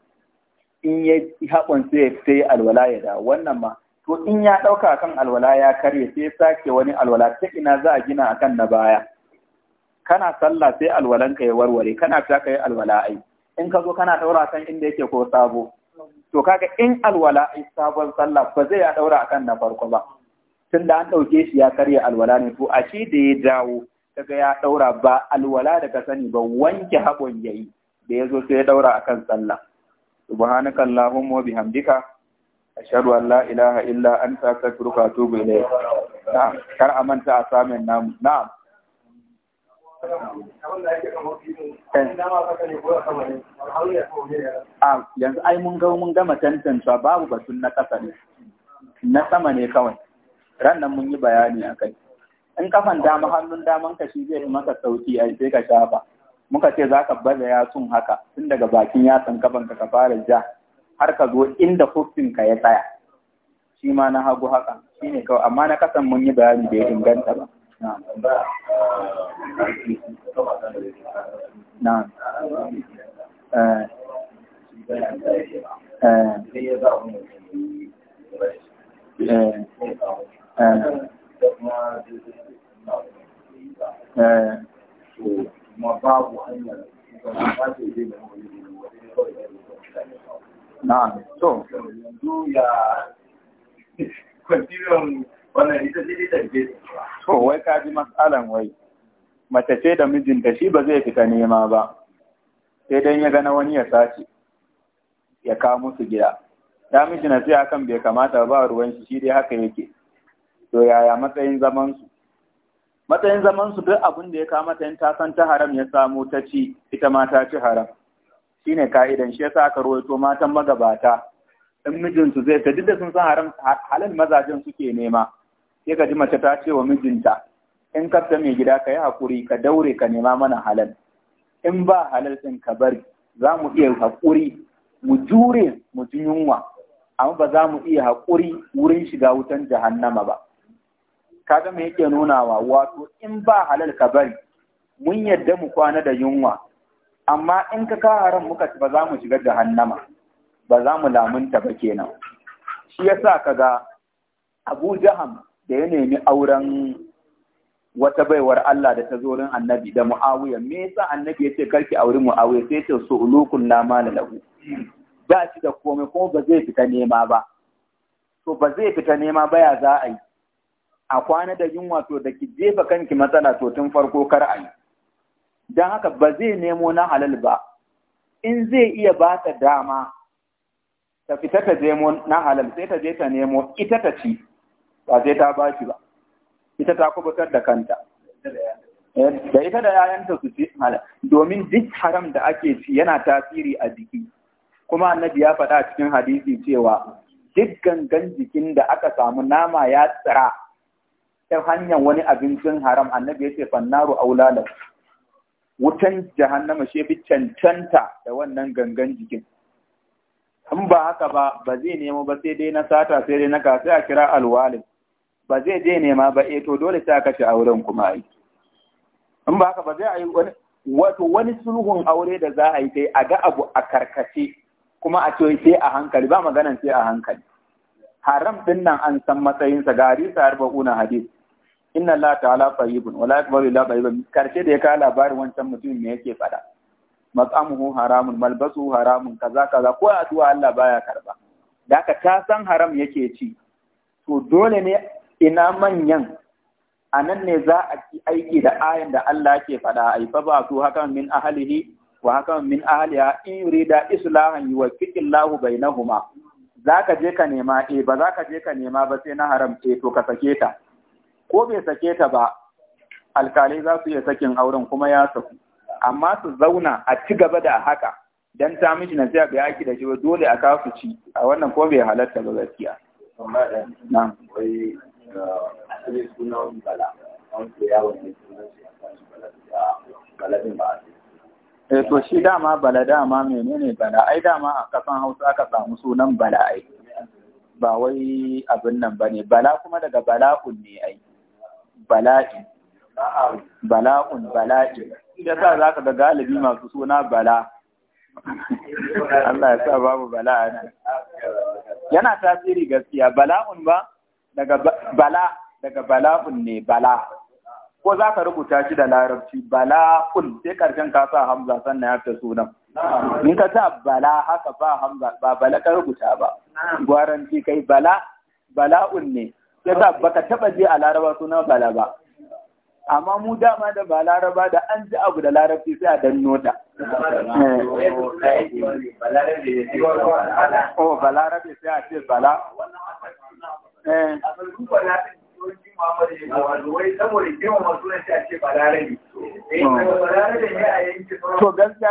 in ya haƙon sai ya sai alwala ya da wannan ma to in ya ɗauka kan alwala ya karye sai sake wani alwala ta ina za a gina akan na baya kana sallah sai alwalanka ya warware kana fita ka yi alwala ai in ka zo kana daura kan inda yake ko sabo to kaga in alwala ai sabon sallah ba zai ya daura akan na farko ba tunda an dauke shi ya karya alwala ne to a shi da ya dawo kaga ya daura ba alwala da ka sani ba wanke habon yayi da yazo sai ya daura akan sallah subhanaka allahumma wa bihamdika ashhadu an la ilaha illa anta astaghfiruka wa atubu ilayk na'am kar a manta a samin namu na'am yanzu ai mun ga mun gama tantancewa babu batun na ƙasa ne, na sama ne kawai, ran nan mun yi bayani a kai. In kafan dama hannun daman ka shi zai yi maka sauki ai sai ka shafa. Muka ce za ka baza yatsun haka tun daga bakin yatsun kafan ka fara ja har ka zo inda ka ya tsaya. Shi ma na hagu haka, shi kawai, amma na kasan mun yi bayani bai inganta ba. na'am eh eh, eh matsalan wai mace ce da mijinta shi ba zai fita nema ba sai dan ya gana wani ya sace ya kawo musu gida ya miji na sai akan bai kamata ba ruwan shi shi dai haka yake to yaya matsayin zaman su matsayin zaman su duk abin da ya kawo mata ta san ta haram ya samu ta ci ita ma ta ci haram shine ka'idan shi yasa aka rawaito matan magabata in mijinsu zai ta duk da sun san haram halal mazajin suke nema sai ka ji mace ta ce wa mijinta in ka mai gida ka yi haƙuri ka daure ka nema mana halal in ba halal ɗin ka bari za mu iya haƙuri mu jure mu ji yunwa amma ba za mu iya haƙuri wurin shiga wutan jahannama ba kaga me yake nunawa wato in ba halal ka bari mun yadda mu kwana da yunwa amma in ka karan muka ba za mu shiga jahannama ba za mu lamunta ba kenan shi yasa kaga Abu Jaham da ya nemi auren wata baiwar Allah da ta zo rin annabi da mu'awiya me yasa annabi ya ce karki auri mu'awiya sai ce su ulukun la mala lahu ba shi da komai ko ba zai fita nema ba to ba zai fita nema ba ya za a yi a kwana da yunwa to da ki jefa kanki matsala to tun farko kar a yi dan haka ba zai nemo na halal ba in zai iya ba ta dama ta fita ta nemo na halal sai ta je ta nemo ita ta ci ba sai ta ba shi ba ita ta kubutar da kanta da ita da yayanta su ci domin duk haram da ake ci yana tasiri a jiki kuma annabi ya faɗa cikin hadisi cewa duk gangan jikin da aka samu nama ya tsira ta hanyar wani abincin haram annabi ya ce fannaru aulalar wutan jahannama shi fi cancanta da wannan gangan jikin in ba haka ba ba zai nemo ba sai dai na sata sai dai na kasa a kira alwalid ba zai je nema ba e to dole ta kashe auren kuma ai in ba haka ba zai ayi wani wato wani sulhun aure da za a yi sai a ga abu a karkace kuma a ce sai a hankali ba maganan sai a hankali haram din nan an san matsayin sa, ga hadisi una hadisi inna Allah ta'ala tayyibun wala yakbalu illa tayyiban karshe da ya kawo labarin wancan mutumin me yake faɗa. mas'amuhu haramun malbasu haramun kaza kaza ko addu'a Allah baya karba da ka ta san haram yake ci to dole ne ina manyan a nan ne za a ci aiki da ayan da Allah ke faɗa a yi ba su haka min ahalihi wa haka min ahaliya in yurida islahan huma Za ka je ka nema E, ba za ka je ka nema ba sai na haram eh, to ka sake ta ko bai sake ta ba alkalai za su iya sakin auren kuma ya saku amma su zauna a ci gaba da haka dan ta miji na ga yaki da shi dole a kasu ci a wannan ko bai halatta ba gaskiya ko shi eh to shi dama bala dama menene bala ai dama a kasan hausa aka samu sunan bala ai ba wai abin nan bane bala kuma daga bala'un ne ai bala'i bala'un bala'i ya sa za ka ga galibi masu suna bala Allah ya sa babu bala'a nan yana tasiri gaskiya bala'un ba daga bala daga bala'un ne bala ko za ka rubuta shi da larabci bala'un sai karshen ka sa hamza sannan ya fita sunan in ka sa bala haka ba hamza ba bala ka rubuta ba Guaranti kai bala bala'un ne sai ka baka taba je a laraba sunan bala ba amma mu dama da ba laraba da an ji abu da larabci sai a danno nota eh. Oh, balarabe sai a ce bala. To gaskiya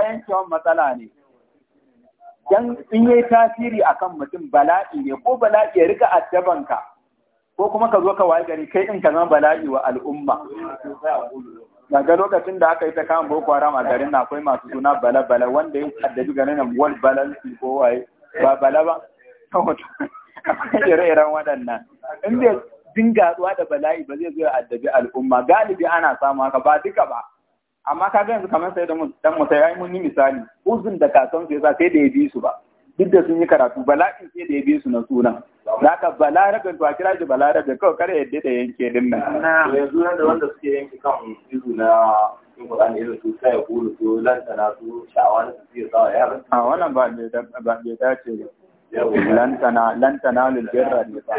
yanke wani matsala ne. Dan in yi tasiri akan mutum bala'i ne ko bala'i ya rika addabanka ko kuma ka zo ka waye gari kai in ka zama bala'i wa al'umma. daga lokacin da aka yi ta kama boko haram a garin na akwai masu suna bala bala wanda ya addabi garin nan wal balal ko waye ba bala ba ire-iren waɗannan in bai dinga haɗuwa da bala'i ba zai zo a addabi al'umma galibi ana samu haka ba duka ba amma ka ga yanzu kamar sai da dan musa ya yi mun yi misali uzun da kasan su yasa sai da ya bi su ba duk da sun yi karatu bala'in sai da ya bi su na sunan zaka balarabe to a kira shi balarabe kawai kare yadda da yanke din nan yanzu nan da wanda suke yanke kan izu na yin kuɗaɗe irin su sai ya kuru su lantana su sha'awar su ke sawa yaran a wannan ba ne dace ba lantana lantana lulbirra ne ba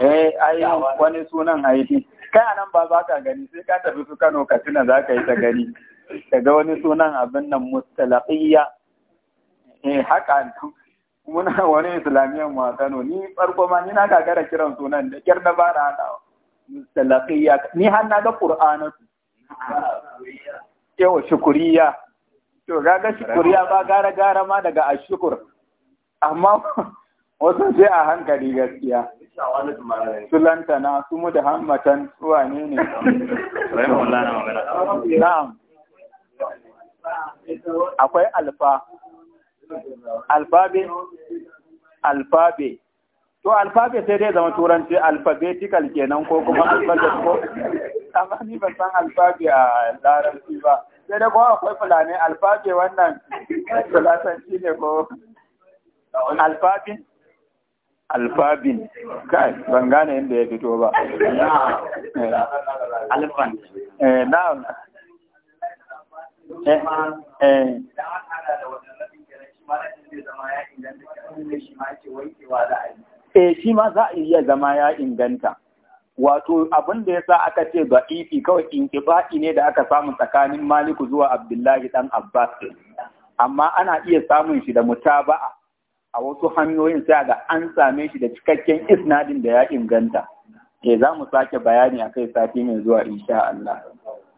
eh ai wani sunan haiti kai anan ba za ka gani sai ka tafi su Kano tuna za ka yi ta gani kaga wani sunan abin nan mustalaqiyya eh haka muna wani islamiyan ma Kano ni farko ma ni na gagara kiran sunan da kyar da ba na hadawa mustalaqiyya ni har na ga qur'anatu yawa shukuriya to gaga shukuriya ba gara gara ma daga ashukur amma wasu sai a hankali gaskiya su na su mu da hammatan ruwa ne na'am akwai alfa alfabe alfabe to alfabe sai dai zama turanci alphabetical kenan ko kuma alphabet ko amma ni ba san alfabe a larabci ba sai dai ko akwai fulani alfabe wannan shi ne ko alfabin alfabin kai ban gane inda ya fito ba alfan eh, eh, eh. eh shi ma za a iya zama ya inganta wato abin da ya sa aka ce ba ifi kawai inkifa'i ne da aka samu tsakanin maliku zuwa abdullahi dan abbas amma ana iya samun shi da mutaba'a a wasu hanyoyin sai ga an same shi da cikakken isnadin da ya inganta eh za mu sake bayani a kai sati mai zuwa insha Allah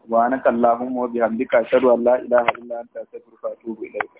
subhanakallahumma wa bihamdika ashhadu Allah ilaha illa anta astaghfiruka wa atubu ilaik